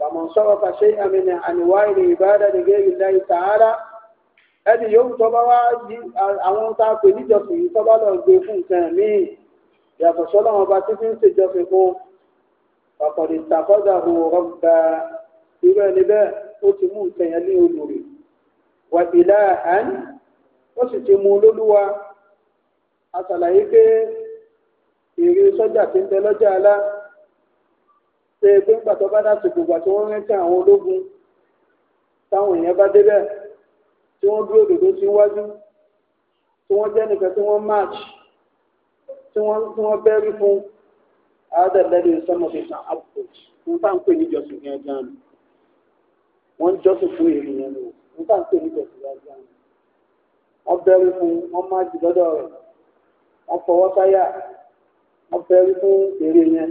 فمن صرف شيئا من أنواع العبادة لغير الله تعالى ẹni yòówù tó bá wá yí àwọn tá a pè níjọsìn yìí tó bá lọ gbé fún nǹkan míì yàtọ̀ sọ́dọ̀ wọn bá títí ń ṣèjọsìn fún pàpọ̀dé tàkọ́dà hù rọ́gbà irú ẹni bẹ́ẹ̀ ó ti mú nǹkan yẹn ní olùrè wà ìlà àn ó sì ti mú lólúwa a ṣàlàyé pé èrè sọ́jà ti ń bẹ lọ́jà alá ṣe pé ńgbà tó bá dàsìkò ìgbà tí wọ́n rántí àwọn ológun táwọn èèyàn bá débẹ̀ tí wọ́n dúró dòdó sí iwájú tí wọ́n jẹ́ nìkan tí wọ́n march tí wọ́n tí wọ́n bẹ́rí fún adàlẹ́dẹ̀ sọmọfẹ̀sán àpò ń bá ń pè ní jọ̀sìn ní ẹja nù wọ́n jọ́sìn fún èrè yẹn nù ń bá ń pè ní jọ̀sìn ní ẹja nù wọ́n bẹ́rí fún wọ́n march lọ́dọ̀ rẹ̀ wọ́n fọwọ́ sáyà wọ́n bẹ́rí fún èrè yẹn.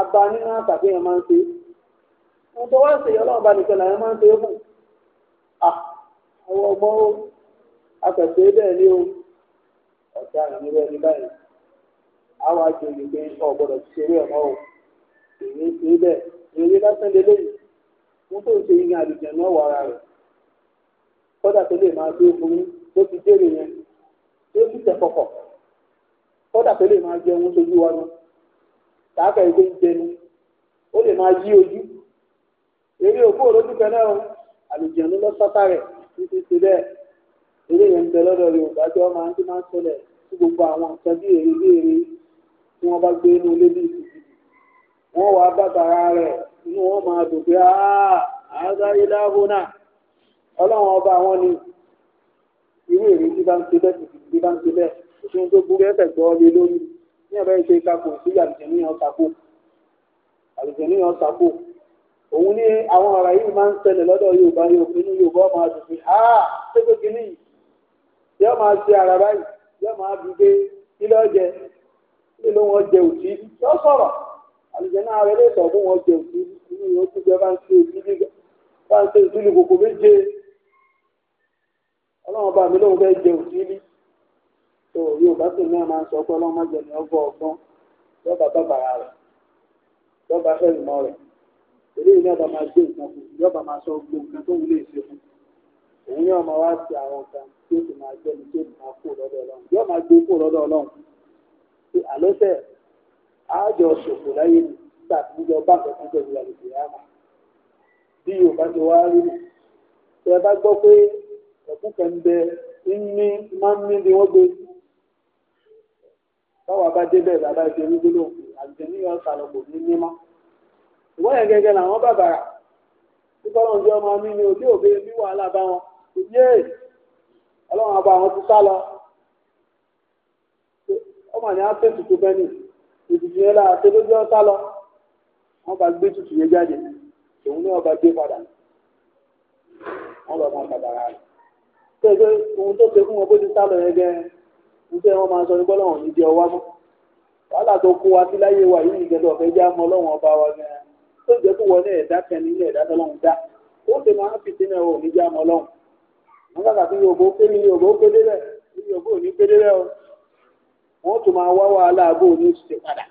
abá nínú àtàkì yẹn máa ń ṣe ohun tó wá ṣèyí ọlọ́run bá nìkan làwọn máa ń ṣe é fún àwọn ọgbọ́n ó akẹ̀sẹ̀ bẹ́ẹ̀ ni ó ọ̀sẹ̀ àrùn níbẹ̀ ní báyìí àwọn àjòyè pé ọ̀gbọ́dọ̀ ti ṣeré ọmọ o èyí ṣe bẹ́ẹ̀ èyí lásán lé lẹ́yìn wọ́n tó ń ṣe iyan àlùjẹ̀ náà wà ara rẹ̀ kódà tó lè máa gbé fún bó ti dérè yẹn tó ti tẹ̀ kọ̀kọ̀ kódà tó lè máa jẹun sójú wa náà kàákà ìgbé ń jẹnu ó lè máa yí ojú eré òkú òrójú kan náà àlùjẹ̀nu lọ sọ́tà rẹ̀ títí ti bẹ́ẹ̀ eré yẹn ń bẹ lọ́dọ̀ Yorùbá jọ máa ń tí máa ń ṣẹlẹ̀ sí gbogbo àwọn nǹkan bí èrè bí èrè tí wọ́n bá gbé inú ilé bí ìsìnkú wọ́n wá bàbàrà rẹ̀ inú wọn máa dùn pé àádá ilé ahónà ọlọ́run ọba àwọn ni irú èrè tí bá ń ṣe bẹ́ẹ̀ tí bá ń ṣe bẹ́ẹ̀ òṣèlú tó burú ẹ̀fẹ̀ gbọ́ lé lórí ní ẹ̀bẹ̀ ṣe takò sí àlùjẹ̀níyàn takò àlùjẹ̀níyàn takò òun ní àwọn ọ̀rọ̀ yìí máa ń ṣẹlẹ̀ lọ́dọ̀ Yorùbá Yorùbá inú Yorùbá máa dùn pé a ṣégbé kínní yìí yóò máa ṣe ara báyìí yóò máa bí gbé ilé ọjẹ ilé ló wọn jẹ òtí yóò sọ̀rọ̀ àlùjẹ̀nà ààrẹ lè sọ fún wọn jẹ òtí inú yóò tún jẹ bá ń ṣe òtí bá ń ṣe òtí lu méje Ọlọ́run bá mi lóun fẹ́ jẹ òtí bíi tó yorùbá sì náà máa ń sọ pé ọlọ́run májẹ̀ ní ọgbọ́n ọgbọ́n yọba bàbàrà rẹ̀ yọba fẹ́rìmọ́ rẹ̀ eléyìí náà bá máa gbé nǹkan fún yọba máa sọ gbogbo nǹkan tó wúlò ìṣe fún òun yóò máa wá sí àwọn nǹkan tí ó sì máa jẹ́ ní tí ó máa kó lọ́dọ̀ ọlọ́run yóò máa gbé kó lọ́dọ̀ ọlọ́run pé àlọ́sẹ̀ àjọ ṣòfò láyé ni tàbí jọ bá nǹkan tó wúlò àlùkò yàrá bí yorùbá ti wá rí nù tẹ bá gbọ́ pé ẹ̀kú kan bẹ ń ní máa ń ní bí wọ́n gbé táwa bá débẹ̀ bàbá ìṣe rúgbúlò àgbẹ̀ ní ọ̀sà lọ́pọ̀ ní mímọ́ ìwọ́n yẹn gẹ́gẹ́ làwọn bàbàrà tí kọ́lọ́ ń jẹ́ ọmọ mi ni òbí òbí mi wàhálà bá wọn yé ọlọ́run àbá àwọn ti sá lọ ọmọ ni fẹ́ tutù bẹ́ẹ̀ ni yẹn lójú ọ̀sá lọ bá gbé tutù yẹn jáde òun ní ọba gbé padà bá nítorí wọn máa sọ ní bọ́lọ̀ òní jẹ ọwá mọ́ wàhálà tó kó wa sí láyé wa yìí ìgbẹ́tọ̀ ọ̀fẹ́ já mọ́ ọlọ́run ọba wa gan-an tó jẹ́ kó wọlé ẹ̀dá kẹni ilé ẹ̀dá tọ́lọ́run dá ó sì máa ń fi sínú ẹ̀wọ̀ òní já mọ́ ọlọ́run wọn kàkà sí yorùbá ó pé ní yorùbá ó pé débẹ̀ ní yorùbá ò ní pé o wọn tún máa wá wàhálà bó o ní ṣe padà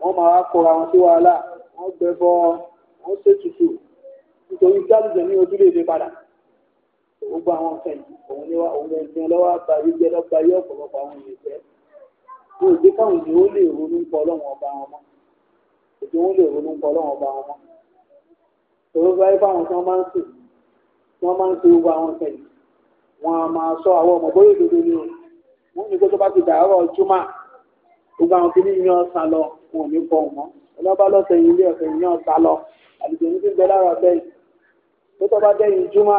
wọn máa wá kóra wọn sí wàhálà wọn gbẹbọ wọn ṣètùtù nítorí gálùjẹ ní ojúlé gbogbo àwọn nǹkan òun ni òun ẹ̀sìn lọ́wọ́ àbáyé jẹ́ lọ́gbà yé ọ̀pọ̀lọpọ̀ àwọn èèyàn jẹ́ kó o káwọn èèyàn ó lè ronú pọ̀ ọlọ́run ọba wọn mọ́ èdè wọn lè ronú pọ̀ ọlọ́run ọba wọn mọ́ tòun báyìí báwọn tí wọ́n máa ń sè wọ́n máa ń ṣe gbogbo àwọn nǹkan yìí wọ́n máa sọ àwọn ọmọ bóyá òdodo ni o wọ́n ní kó tó bá ti dàárọ̀ júmọ́ gbogbo àwọn kìíní yan ọ̀sán lọ wọn ò ní pọ̀ mọ́ ọlọ́ba lọ́sẹ̀ yìí ilé ọ̀sẹ̀ yìí yan ọ̀sán lọ àlùjọ ní ti bẹ lára ọ̀sẹ̀ tó tó bá dẹ́yìn júmọ́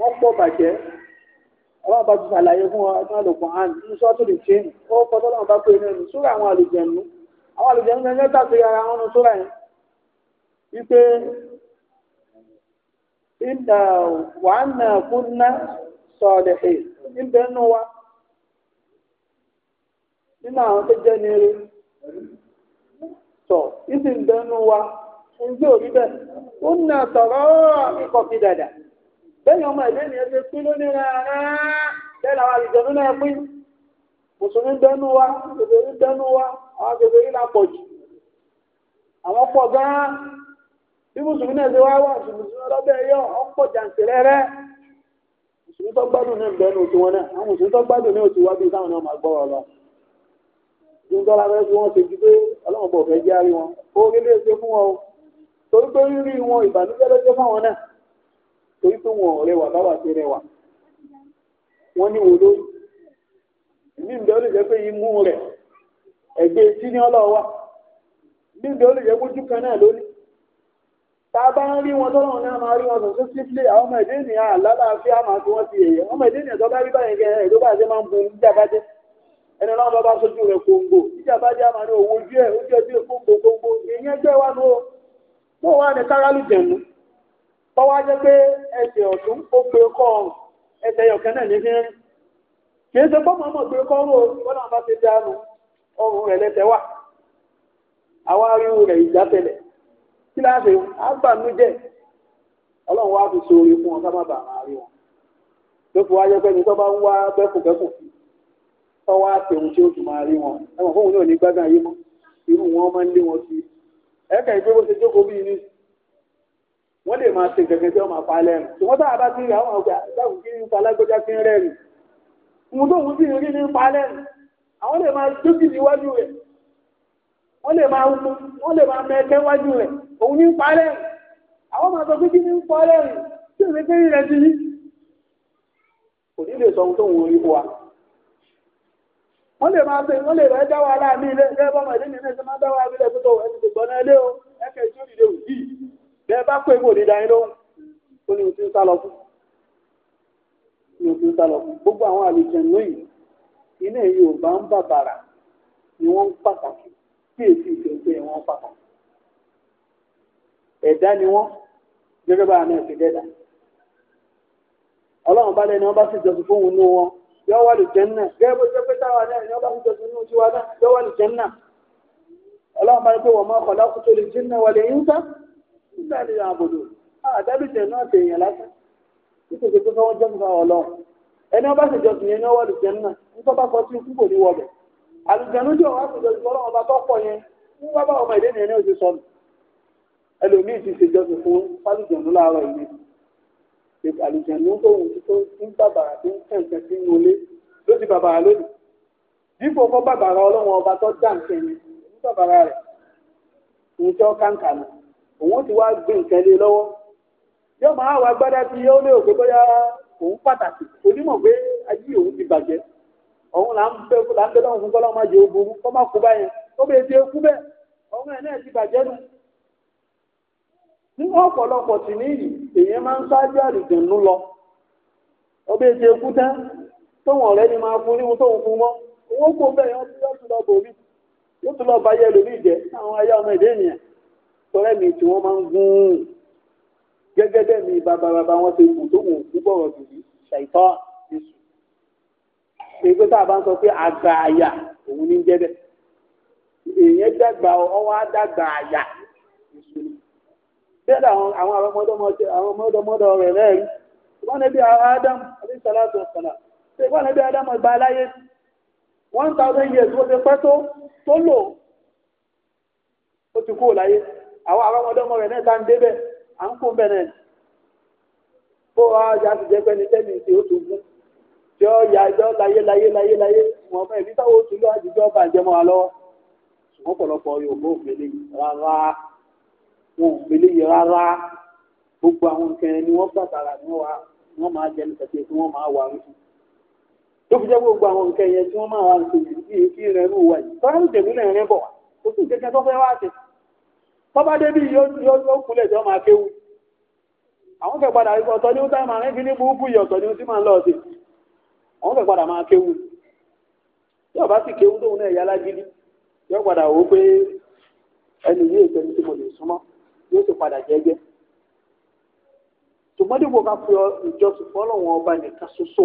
wọ́n pọ̀ bàjẹ́ ọlọ́run bá ti ṣàlàyé fún wa ní ó kọ́ pé inú ẹ̀mí sórí àwọn àlùjẹ̀nu àwọn àlùjẹ̀nu tàbí ara wọn wípé ìdá sọ̀dẹ̀ ẹ̀ níbẹ̀ nù wa nínú àwọn tó jẹ́ ní eré tọ̀ ìsìn bẹ́ẹ̀ nù wa ń gbé òbí bẹ́ẹ̀ ó nà sọ̀rọ̀ bẹ́ẹ̀ ọmọ ẹ̀dẹ́ ni ẹgbẹ́ pín lónìí rárá bẹ́ẹ̀ làwọn àlùjọ̀nú náà pín mùsùlùmí dẹnu wa kèfèrí dẹnu wa àwọn kèfèrí la pọ̀ jù àwọn pọ̀ gan-an bí mùsùlùmí náà ṣe wá wà mùsùlùmí ọlọ́bẹ̀ yọ ọ̀pọ̀ jàǹtìrẹ́rẹ́ mùsùlùmí tó gbádùn náà bẹ́ẹ̀ ní oṣù wọn náà àwọn mùsùlùmí tó gbádùn náà ti wá bí táwọn náà máa gbọ́rọ̀ lọ ní tọ́lá fẹ́ fi wọ́n ṣe ju pé ọlọ́run bọ̀ náà torí pé wọn ò rẹwà báwa ti rẹwà wọn ní wo lórí níbi ó imu rẹ. pé imú rẹ̀ ẹ̀gbẹ́ etí ní ọlọ́wà níbi ó lè jẹ́ kan náà lórí tá a bá ń rí wọn tọrọ náà máa rí wọn sọ sí sílé àwọn ọmọ ìdí ènìyàn máa fi wọn ti èyẹ ọmọ ìdí ènìyàn bá rí báyìí gẹ bu ẹni bá bá sojú àmà ní ojú ojú tọ́wá jẹ́ pé ẹsẹ̀ ọ̀tún ó gbé kọ́ ọ̀rùn ẹsẹ̀ ọ̀kẹ́ náà ní fi ń rìn kì í ṣe pọ́ mọ́mọ́ gbé kọ́ ọ̀rùn bọ́lá bá ti dánú ọrùn rẹ̀ lẹ́sẹ̀ wà àwọn aríwú rẹ̀ ìjátẹ̀lẹ̀ kí láti àgbànújẹ́ ọlọ́run wá fi sóore fún wọn ká má bàa máa rí wọn ló fi wáyé pẹ́ni tó bá ń wá bẹ́kùbẹ́kù sí tó wá tẹ̀hún tí ó fi máa rí wọn ẹ̀wọ̀n fóun náà ní gbádùn ayé mọ́ irú wọn máa ń lé wọn sí wọ́n lè máa ṣe gẹ́gẹ́ tí wọ́n máa pa lẹ́nu ṣùgbọ́n tá a ti rí àwọn ọgbà dáhùn kí n pa kí n rẹ́rìn ohun tó ń sì rí ní pa lẹ́nu àwọn lè máa dókì níwájú rẹ̀ wọ́n lè máa mú wọ́n lè máa mẹ́kẹ́ wájú rẹ̀ òun ní pa lẹ́nu àwọn máa sọ pé kí ní pa lẹ́nu tí ò ní pé rẹ̀ ti rí kò ní lè sọ ohun tó ń rí wa wọ́n lè máa pè wọ́n lè rẹ̀ dá wa láàmì ilé ẹgbẹ́ bẹ́ẹ̀ bá kó egbò dídá yín lóhùn ó ní òtún sá fún ní òtún sá gbogbo àwọn àlejò yìí iná Yorùbá ń bàbàrà ni wọ́n ń pàtàkì tí èsì ìgbésẹ̀ wọn pàtàkì ẹ̀dá ni wọ́n gẹ́gẹ́ bá àmì ẹ̀sìn dẹ́dà ọlọ́run bá lẹ́ni wọ́n bá sì wọn yọ wà lù jẹ́nà gẹ́gẹ́ bó ṣe pé táwa náà ni wọ́n bá sì nú náà yọ ọlọ́run bá pé wọ́n nígbà lè àbòdò àdábìtẹ̀ náà tẹ̀ èèyàn lásán nítorí pé wọ́n jẹ́ nǹkan ọlọ́run ẹni ọba ṣèjọ sì yẹn ní ọwọ́ àlùjẹ́nu náà ń tọ́ bá kọ sí ikú kò ní wọlẹ̀ àlùjẹ́nu jọ wá ṣèjọ sí ọlọ́run ọba tó pọ̀ yẹn ń wá bá ọmọ ìdí nìyẹn ní oṣù sọnù ẹlòmíì ti ṣèjọ sí fún fálùjẹ̀nu láàárọ̀ ìlú àlùjẹ̀nu tó wù tó ń bàbàrà tó ń kẹ̀kẹ́ sínú ilé ló ti bàbàrà lónìí dípò kọ́ bàbàrà ọlọ́run ọba tó dà ń kẹ́yìn ń bàbàrà rẹ̀ ń tọ́ kàǹkà náà òun ti wá gbé nǹkan lé lọ́wọ́ yóò máa wá gbádá tí yóò ya òpé bóyá òun pàtàkì onímọ̀ pé ayé òun ti bàjẹ́ òun là ń bẹ là ń bẹ lọ́wọ́ fún kọ́lá máa jẹ ogun kọ́ máa kú báyẹn tó bẹ ti kú bẹ́ẹ̀ ọmọ ẹ̀ náà ti bàjẹ́ nu. nígbà ọ̀pọ̀lọpọ̀ tì lọ ti kú tán tóun ọ̀rẹ́ ni máa fún tóun fún mọ́ owó bẹ́ẹ̀ yóò tún lọ yóò tún lọ bá àwọn ayé tọ́lẹ́ mi tí wọ́n máa ń gún gẹ́gẹ́ bẹ́ẹ̀ mi bàbá bàbá wọn ṣe kù tó wù ú bọ̀rọ̀ gidi ṣàìtọ́ èṣù èyí tá a bá ń sọ pé àgbà àyà òun ní jẹ́ bẹ́ẹ̀ èèyàn dàgbà ọwọ́ á dàgbà àyà èṣù ni bẹ́ẹ̀ làwọn àwọn ọmọdọmọdọ rẹ̀ rẹ̀ rí wọ́n ní bí Adam alayhisalatu wasalam ṣe wọ́n ní bí Adam ọba aláyé one thousand years wọ́n ti pẹ́ tó tó lò ó ti kú ò láyé àwọn àrọ́mọdọ́mọ rẹ̀ náà bá ń débẹ̀ à ń kó bẹ̀rẹ̀ bó wa yà ti jẹ́ pẹ́ni tẹ́ni tí ó tún gún tí ó yà ẹjọ́ láyé láyé láyé láyé wọn bẹ́ẹ̀ bí táwọn oṣù lọ àjùjọ bá jẹ́ mọ́ wa lọ́wọ́ ṣùgbọ́n ọ̀pọ̀lọpọ̀ Yorùbá ò gbélé rárá wọn ò gbélé rárá gbogbo àwọn nǹkan ẹni wọ́n bàtàrà ni wọ́n máa jẹ́ nípa tí wọ́n máa wà rúṣù tó fi jẹ́ gbogbo àwọn nǹkan ẹ̀yẹ tí wọ́n máa wà rúṣù yìí kí ìrẹ́rù wà yìí tọ́lá tọ́bá débí yóò kúlẹ̀ jọ máa kéwú àwọn fẹ́ padà ọ̀tọ̀ ní ó tá máa ní búrúkú yìí ọ̀tọ̀ ní ó máa lọ àwọn fẹ́ máa kéwú tí ọba sì kéwú tóun náà yálà gidi yóò padà wò pé ẹni yìí èso ní tí mo lè súnmọ́ yóò sì padà jẹ́jẹ́ ṣùgbọ́n dípò ká fi ìjọsìn fọ́lọ́wọ́n ọba nìkan ṣoṣo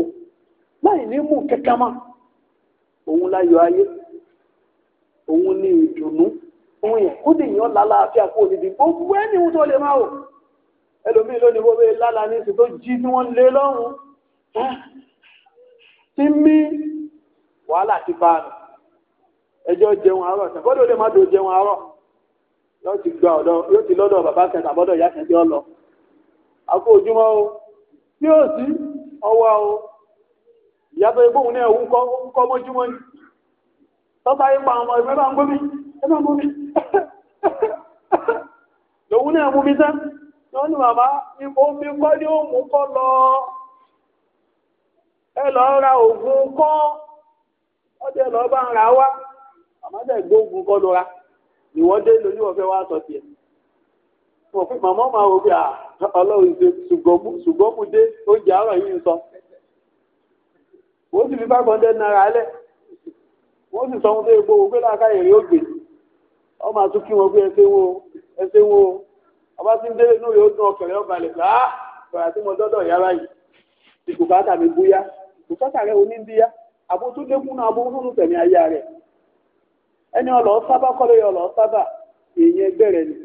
láì ní mú kẹ́kẹ́ mọ́ òun láyọ̀ ayé òun ní ìdùnnú òun yẹn kúndì yàn lálàáfíà kó níbi gbogbo ẹni ohun tó lè máa wò ẹlòmíì lónìí wọ́n bẹ́ẹ̀ lálàá ní ìsìn tó jí tí wọ́n lé lọ́rùn tí mí wàhálà ti bá nù ẹjọ́ jẹun àárọ̀ ṣàkọ́dọ̀ lè má do jẹun àárọ̀ yóò ti gba ọ̀dọ̀ yóò ti lọ́dọ̀ bàbá kẹta àbọ̀dọ̀ ìyá kẹta ọlọ àpò ojúmọ́ o tí ó sí ọwọ́ o ìyá tó yẹ kóhun náà ń kọ́ mójúmọ́ ni tọ́ta yìí pa àwọn ọmọ ìgbẹ́ bá ń gbómi. ẹ na mú mi lòun náà mú mi tán lọ ní màmá omi kọ́ ní òmù kọ́ lọ ẹ lọ ra ògùn kọ́ ọdẹ lọ bá ń ra wá màmá dẹ̀ gbóògùn kọ́ lọ ra ìwọ́dé ọ̀fẹ́ wa sọ tiẹ̀ mo màmá máa wo bí ọlọ́run ṣe ṣùgbọ́n mu dé àárọ̀ yìí ń sọ wọ́n sì fi sọ ohun tó láàká èrè ọ máa tún kí wọn gbé ẹsẹ wo ẹsẹ wo ọba tí ń délé inú yóò dún ọkẹrẹ ọba lè ah, gbà á bàrà tí mo dọdọ yàrá yìí ìkùkàtà mi búyá ìkùkàtà rẹ oníbíyá àbótú lékún náà abó fúnnu tẹ̀mí ayé rẹ ẹni ọlọ sábà kọlẹ yẹ ọlọ sábà èèyàn ẹgbẹ́ rẹ ni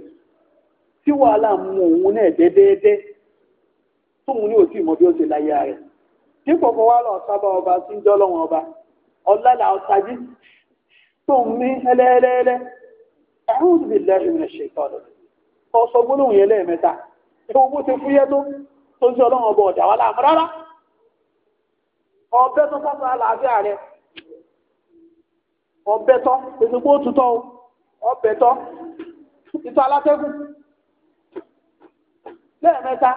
tí wàhálà mú òun náà dédéédé tóun ní òtí ìmọ̀ bí ó ṣe láyé rẹ dípò kó wàhálà ọ̀sábà ọba tí ń jọ́ lọ́wọ́n ọba ọ̀làlà ọ̀tají tóun mí ẹlẹ́ẹ̀lẹ́ẹ̀lẹ́ ẹ̀rùn ti lè lẹ́yìn ṣe ìtọ́lọ̀ ọ̀sọ̀ gbólóhùn yẹn lẹ́ẹ̀mẹ́ta ìwọ̀n ti fúyẹ́ tó tó ń sọ ọlọ́run ọba ọ̀dà wà láàmú rárá ọbẹ̀ tó sábà àlàáfíà rẹ ọbẹ̀ tọ́ ìsìnkú òtútọ́ ọbẹ̀ tọ́ ìtọ́ alátẹ́gùn lẹ́ẹ̀mẹ́ta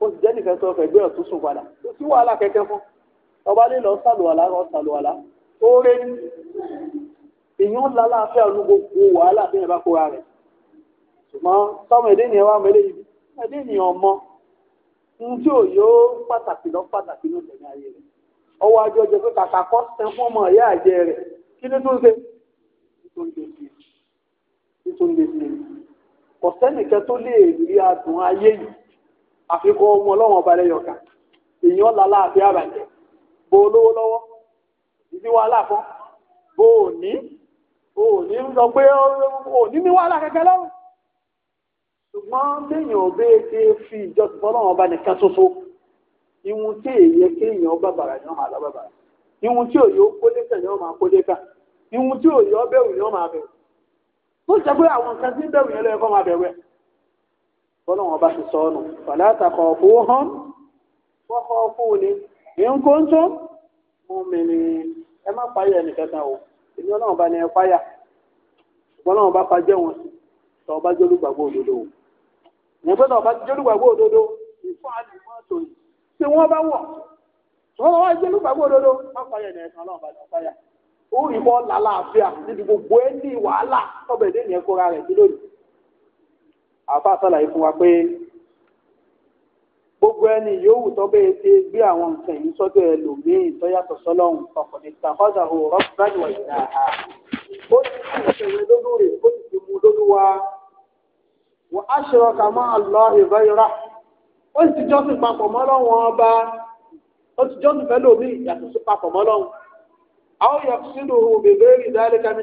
ó sì jẹ́ nìkan tó fẹ́ gbé ọ̀tún sùn padà ó rẹ́ ní èèyàn lálàáfíà olúgbogbo wàhálà bí ẹ bá kóra rẹ̀ ṣùgbọ́n sọmọ èdè ènìyàn wà mẹ́lẹ́ yìí èdè ènìyàn mọ ohun tí ò yóò pàtàkì lọ pàtàkì ló tẹ̀lé ayé rẹ̀ ọwọ́ ajé ọjọ́ pé kàkà kọ́ sẹ́ fún ọmọ ìyá àjẹ rẹ̀ kí ló tún ṣe nítorí lè ṣe kò sẹ́nìkan tó lè rí adùn ayé yìí àfikún ọmọ ọlọ́wọ́n ọba rẹ̀ yọ̀ọ̀kan èèyàn lálàáfíà bàjẹ́ bo olówó lọ́wọ́ ìdí wàhálà kan bo òní o ní ń sọ pé o ní ní wàhálà kẹ̀kẹ́ lọ́rùn ṣùgbọ́n béèyàn ò bẹ́ẹ̀ ti fi ìjọsìn fọlọ́run ọba nìkan ṣoṣo ìhun tí èyẹ kéèyàn ọba bàrà ni wọ́n máa lọ bàbà ìhun tí òye ó kólé kàn ni wọ́n máa kólé kàn ìhun tí òye ó bẹ̀rù ni wọ́n máa bẹ̀rù tó ṣe pé àwọn nǹkan tí ń bẹ̀rù yẹn lọ́yẹ kọ́ máa bẹ̀rù ẹ̀ fọlọ́run ọba ti sọ ọ́nù fàlẹ́ àtàkọ̀ fún hàn fọ́kọ́ fún ni èmi ọlọ́run bá ní ẹ páyà ṣùgbọ́n ọlọ́run bá fa jẹ́ wọn sí tọ́ ọba jólúgbàgbọ́ òdodo ìyẹn pé tọ́ ọba jólúgbàgbọ́ òdodo ìfọ́ àlùmọ́ tó yìí tí wọ́n bá wọ̀ tọ́ ọba jólúgbàgbọ́ òdodo má páyà ní ẹ̀sán ọlọ́run bá ní páyà ó rí bọ́ lálàáfíà níbi gbogbo ẹ̀ ní wàhálà tọ́bẹ̀ẹ́dẹ́ ìyẹn kóra rẹ̀ sí lónìí àfa àsàlàyé fún wa pé gbogbo ẹni yòówù tó bẹ́ẹ̀ ti gbé àwọn nǹkan yìí sọ́dọ̀ ẹlòmíì tó yàtọ̀ sọ́lọ́hún ọkùnrin tàkọ́dà ò rọ́bìnrin wà ìlà ha ó ti fi ìṣẹ̀lẹ̀ lólórí ó ti fi mú lólúwa wà á ṣèrọ kà mọ́ àlọ́ ìrọ́ìrà ó ti jọ́sìn papọ̀ mọ́ lọ́wọ́n ọba ó ti jọ́sìn fẹ́ lómi yàtọ̀ sí papọ̀ mọ́ lọ́wọ́n àwọn yàtọ̀ sínú òhun bèbè rí dáríkà mí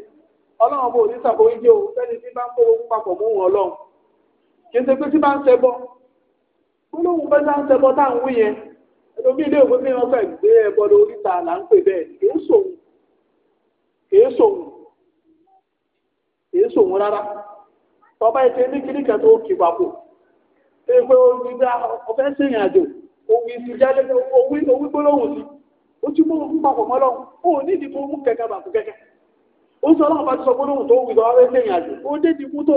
ọlọ́run bò ní sàkóyí jẹ́ o fẹ́ni tí bá ń kó owó papọ̀ mú wọn lọ́hùn kì í ṣe pé tí bá ń ṣẹbọ gbólóhùn bá ń ṣẹbọ tá à ń wí yẹn ẹlòmíì ilé òfin mìíràn fẹ́ gbé ẹbọ lórí ta là ń pè bẹ́ẹ̀ kì sòun kì sòun kì sòun rárá tọ́ba ètò ní kíní kan tó kì papọ̀ ṣé pé ó ti dá ọfẹ́ sẹ́yìn àjò òwì ti jáde owí gbólóhùn sí ó ti mú papọ̀ mọ́ lọ́hùn ó ní ìdí tó mú kẹ̀kẹ́ ó sọ ọlọ́run bá ti sọ gbólóhùn tó wùdọ̀ wá fẹ́ lẹ́yìn àjò ó dé ti kú tó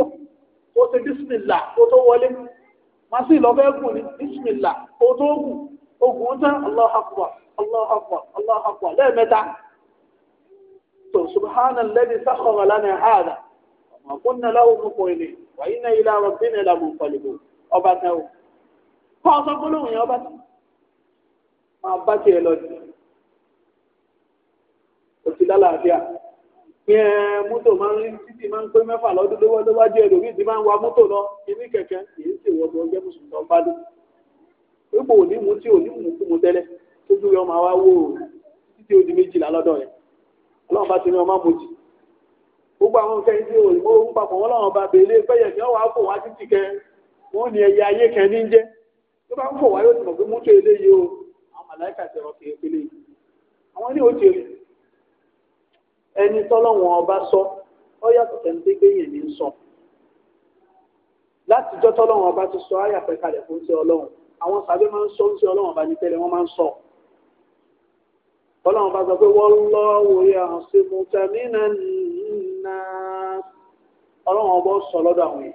ó ṣe bísímìlà ó tó wọlé má sì lọ fẹ́ gùn ní bísímìlà ó tó gùn ogun ń tán Allahu Akbar Allahu Akbar Allahu Akbar lẹ́ẹ̀mẹ́ta tó subhana alladhi sakhkhara lana hadha wa pé ẹ mọ́tò máa ń rí títì máa ń pé mẹ́fà lọ́dún lówó lówájú ẹlòmíì ti máa ń wa moto lọ ibi kẹkẹ èyí sì wọ́n tó ń jẹ́ mùsùlùmí tó ń bá dé mu tí òní mu kú mu dị tójú ọmọ wa wò o, títí ó di méjìlá lọdọ rẹ ọlọ́run bá ti ní ọmọ gbogbo àwọn nǹkan tí ò ń papọ̀ wọn lọ́wọ́ bá pẹ́yẹ kí wọ́n wá fò wá títì kẹ wọ́n ní ẹyẹ ayé kẹ ní tó bá ń wá yóò o àwọn màláìkà ti rọ̀ kéèké àwọn ilé ẹni tọ́lọ́wọ́n ọba sọ ọ yàtọ̀ tẹ̀ ń dégbé yẹn ní sọ látijọ́ tọ́lọ́wọ́n ọba ti sọ ayàfẹ́ kalẹ̀ fún ti ọlọ́run àwọn sàbẹ̀ máa ń sọ ti ọlọ́run ọba ní tẹ́lẹ̀ wọ́n máa ń sọ ọlọ́run ọba sọ pé wọ́n àwọn sí mu tẹ̀mínà ọlọ́run ọba sọ lọ́dọ̀ àwọn yìí,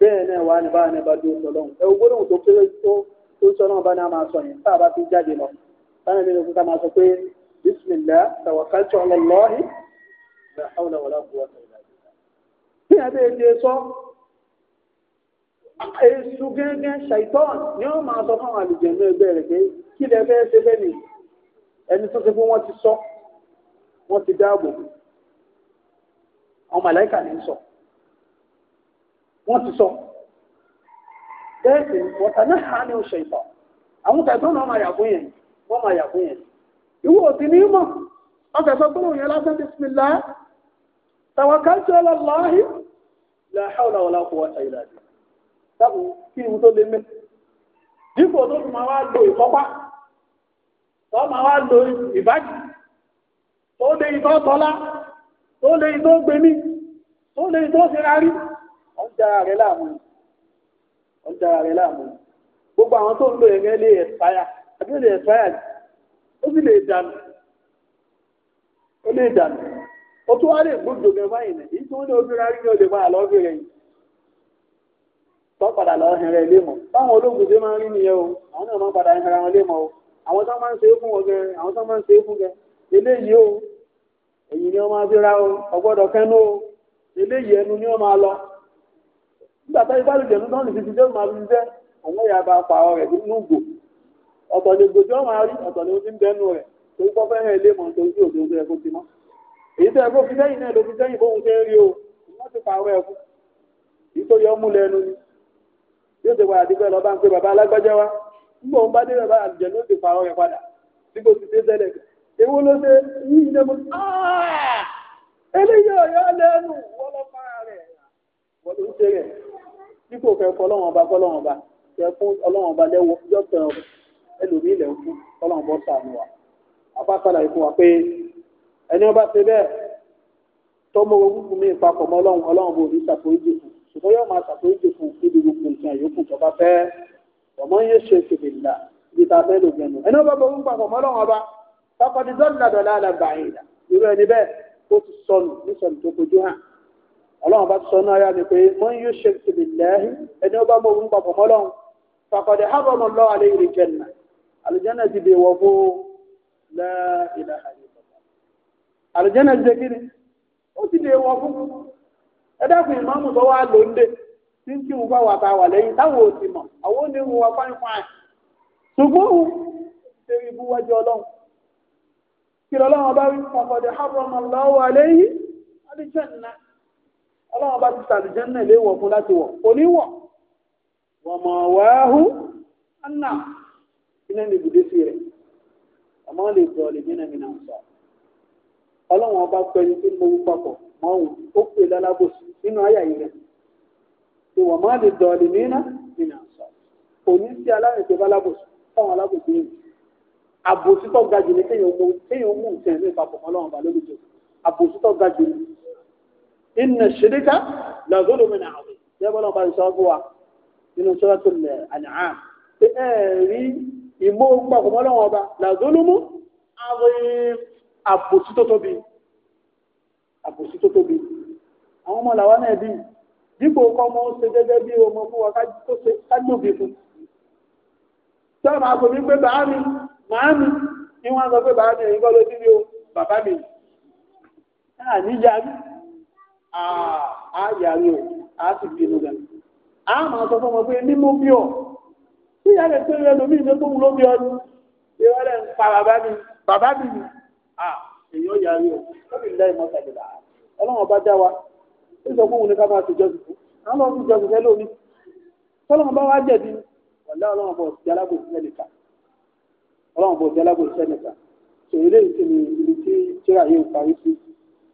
bẹ́ẹ̀ náà wà ní báyìí náà bá dúró sọlọ́run ẹ gbólóhùn tó kéré tó tó sọlọ́run bá ní a máa sọ yẹn tá a bá fi jáde lọ báyìí mi ló fi ká máa sọ pé bismillah tawakkaltu ala Allahi la hawla wala quwwata illa billah. bí a bẹ́ẹ̀ di sọ èṣù gẹ́gẹ́ ṣàìtọ́n ni wọ́n máa sọ fáwọn àlùjẹ̀mú ẹgbẹ́ rẹ̀ pé kí lẹ fẹ́ ṣe fẹ́ nìyí ẹni tó ṣe fún wọn ti sọ wọn ti dáàbò àwọn màláìkà ní sọ wọ́n ti sọ bẹ́ẹ̀ sì wọ́tà náà hàn ní oṣù ìtọ̀ àwọn tẹ̀sán náà máa yàgò yẹn wọ́n máa yàgò yẹn ìwọ òsì ní mọ̀ wọ́n fẹ́ sọ pé òun yẹn lásán bisimilá tàwákàtì ọlọ́láhì la hawla wala quwwata illa billah dábò kí ni mo tó lé mẹ́ dípò tó fi máa wá lo ìfọ́pá tó máa wá lo ìbájì tó lé ìtọ́ tọ́lá tó lé ìtọ́ gbẹmí tó lé ìtọ́ sẹ́rárí ọ̀ ń dára rẹ láàmú ọ̀ ń dára rẹ láàmú gbogbo àwọn tó ń lo ẹ̀rẹ́ lè ẹ̀sáyà àbí lè ẹ̀sáyà ó sì lè dànù ó lè dànù ó tún wá lè gbódò gẹ báyìí nà èyí tí wọ́n ní obìnrin arí ní olè máa lọ́ọ́ fi yìí tó padà lọ́ọ́ hẹn rẹ̀ lémọ̀ báwọn ológun ṣe máa ń rí nìyẹn o àwọn náà máa ń padà hẹn ra wọn lémọ̀ o àwọn tó máa ń ṣe é fún wọn gẹ àwọn tó máa ń ṣe é fún gẹ eléyìí o èyí ni wọ́n máa fi ra o ọgbọ́dọ̀ kẹ́nu o eléyìí ẹnu ni wọ́n máa lọ nígbà táyé bá lè jẹ̀lú náà lè fi ti jẹ́ máa fi ṣiṣẹ́ àwọn ìyá bá pa ọ̀rẹ́ nínú gbò ọ̀tọ̀ lè gbòjọ́ máa rí ọ̀tọ̀ lè fi ń bẹnu rẹ̀ torí pọ́ fẹ́rẹ̀ ilé mọ̀ nítorí tí òjò ẹ̀ kó ti mọ́ èyí tẹ́ ẹ kó fi sẹ́yìn náà ló fi sẹ́yìn bóun ṣe ń rí o wọ́n ti pa ọ̀rẹ́ ẹ̀kú èyí tó yọ mú lẹ́nu ni yóò ti padà dípẹ́ lọ bá ń pe bàbá alágbájá wa nígbà òun bá dé bàbá àlùjẹ ló ti pa ọ̀rẹ́ padà tí kò ti dé tẹ́lẹ̀ èwo ló ṣe yìí ní mo ah! eléyìí ọ̀yọ́ lẹ́nu wọ́n lọ fara rẹ̀ wọ́n ló ń ṣe rẹ̀ dípò kẹ́ fọ ọlọ́run ọba fọlọ́run ọba kẹ́ fún ọlọ́run ọba lẹ́wọ́ yọ̀tọ̀ ẹlòmíì lẹ̀ ń fún ọlọ́run bọ́ sànù wa afásàlàyé fún wa pé ẹni ọba ṣe bẹ́ẹ̀ tọ́mọ orúkú mi papọ̀ mọ́ ọlọ́run ọlọ́run bò ní ṣàforíjì fún ṣùgbọ́n yóò máa ṣàforíjì fún níbi gbogbo nǹkan yòókù tó bá fẹ́ ọmọ yẹn ṣe kìbìlà ibi tá a fẹ́ lò gbẹnu ẹni ọba ború papọ̀ mọ́ ọlọ́run ọba pápá ti dọ́ọ̀dà dọ̀là àlàgbà àyìnlá irú ẹni bẹ́ẹ̀ ó ti sọnù ní sọnù tó kojú hàn ọlọ́run bá sọ náà yá mi pé wọ́n yóò ṣe tìbí lẹ́yìn ẹni ó bá mọ òun papọ̀ mọ́ lọ́run fàkọ̀dẹ̀ hábọ̀mọ̀ lọ́ alẹ́ ìrì jẹ̀nà àlùjẹ́nà ti bè wọ́ fún láìlà àlùjẹ́nà ti kiri ó ti bè wọ́ fún ẹ̀dẹ́kùn ìmọ̀mù tó wà lóńdè tí ń kí wọn bá wà tá a wà lẹ́yìn táwọn ò sì mọ̀ àwọn ò ní wọn wá fáin ṣùgbọ́n òun ṣe ibú wájú ọlọ́run kí lọ́lọ́run bá wí fàkọ̀dẹ̀ hábọ̀mọ̀ lọ́wọ́ alẹ́ yìí ọlọ́run bá ti sàlùjẹ́ náà lè wọ̀ fún láti wọ̀ oníwọ̀ wọ́n mọ̀ wáhú anna iná ní ibùdó sí rẹ̀ ọmọ lè bọ̀ lè mí nàmínà ń sọ ọlọ́run ọba pẹ̀lú tí mo wú papọ̀ mọ́ òun ó pè lálábòsí nínú àyà yìí rẹ̀ tí wọ́n má lè bọ̀ lè mí nàmínà ń sọ òní sí aláìsẹ̀ bá lábòsí fáwọn alábòsí yìí àbòsítọ́ gajù ni kéèyàn mú kéèyàn mú nǹkan ẹ̀mí papọ̀ mọ́ ọlọ́run lóbi tó àbòsítọ́ gajù ni inna ṣiríkà làgọ́dọ̀ mi náà àwọn ìyá bọ́lá ọba ìṣọ́ fún wa nínú suratul An'am pé ẹ rí ìmọ̀ ogun àkọ́mọ́ lọ́wọ́ ọba làgọ́dọ̀ mú àwọn àbòsí tó tóbi àbòsí tó tóbi àwọn ọmọ làwọn náà bí dípò kọ́ mọ́ ṣe gẹ́gẹ́ bí ọmọ fún wa kájọ́bì fún sọ́ọ̀mù àgbèmí pé bàá mi màá mi ni wọ́n sọ pé bàá mi èyí kọ́ ló ti rí o bàbá mi náà níjà mi. Ah, ah, a yàrí o a sì bínú gan a máa sọ fún ọmọ pé ní mo bí ọ tí ìyá rẹ tó rẹ lómi ìlú tó wù ló bí ọ ní ìrọ̀lẹ́ ń pa bàbá mi bàbá mi ni a ah, èèyàn yàrí o ó lè dá ìmọ̀ sàgbèlà ọlọ́run ọba dá wa ó sọ fún òun ní ká máa ṣèjọ sùkú àwọn ọmọ ìjọ sùkú ẹ lómi tọ́lọ́run bá wá jẹ̀bi ọ̀lẹ́ ọlọ́run bọ̀ sí alábòsí ẹnìkan ọlọ́run bọ̀ sí alábòsí ẹnìkan tòun lè ti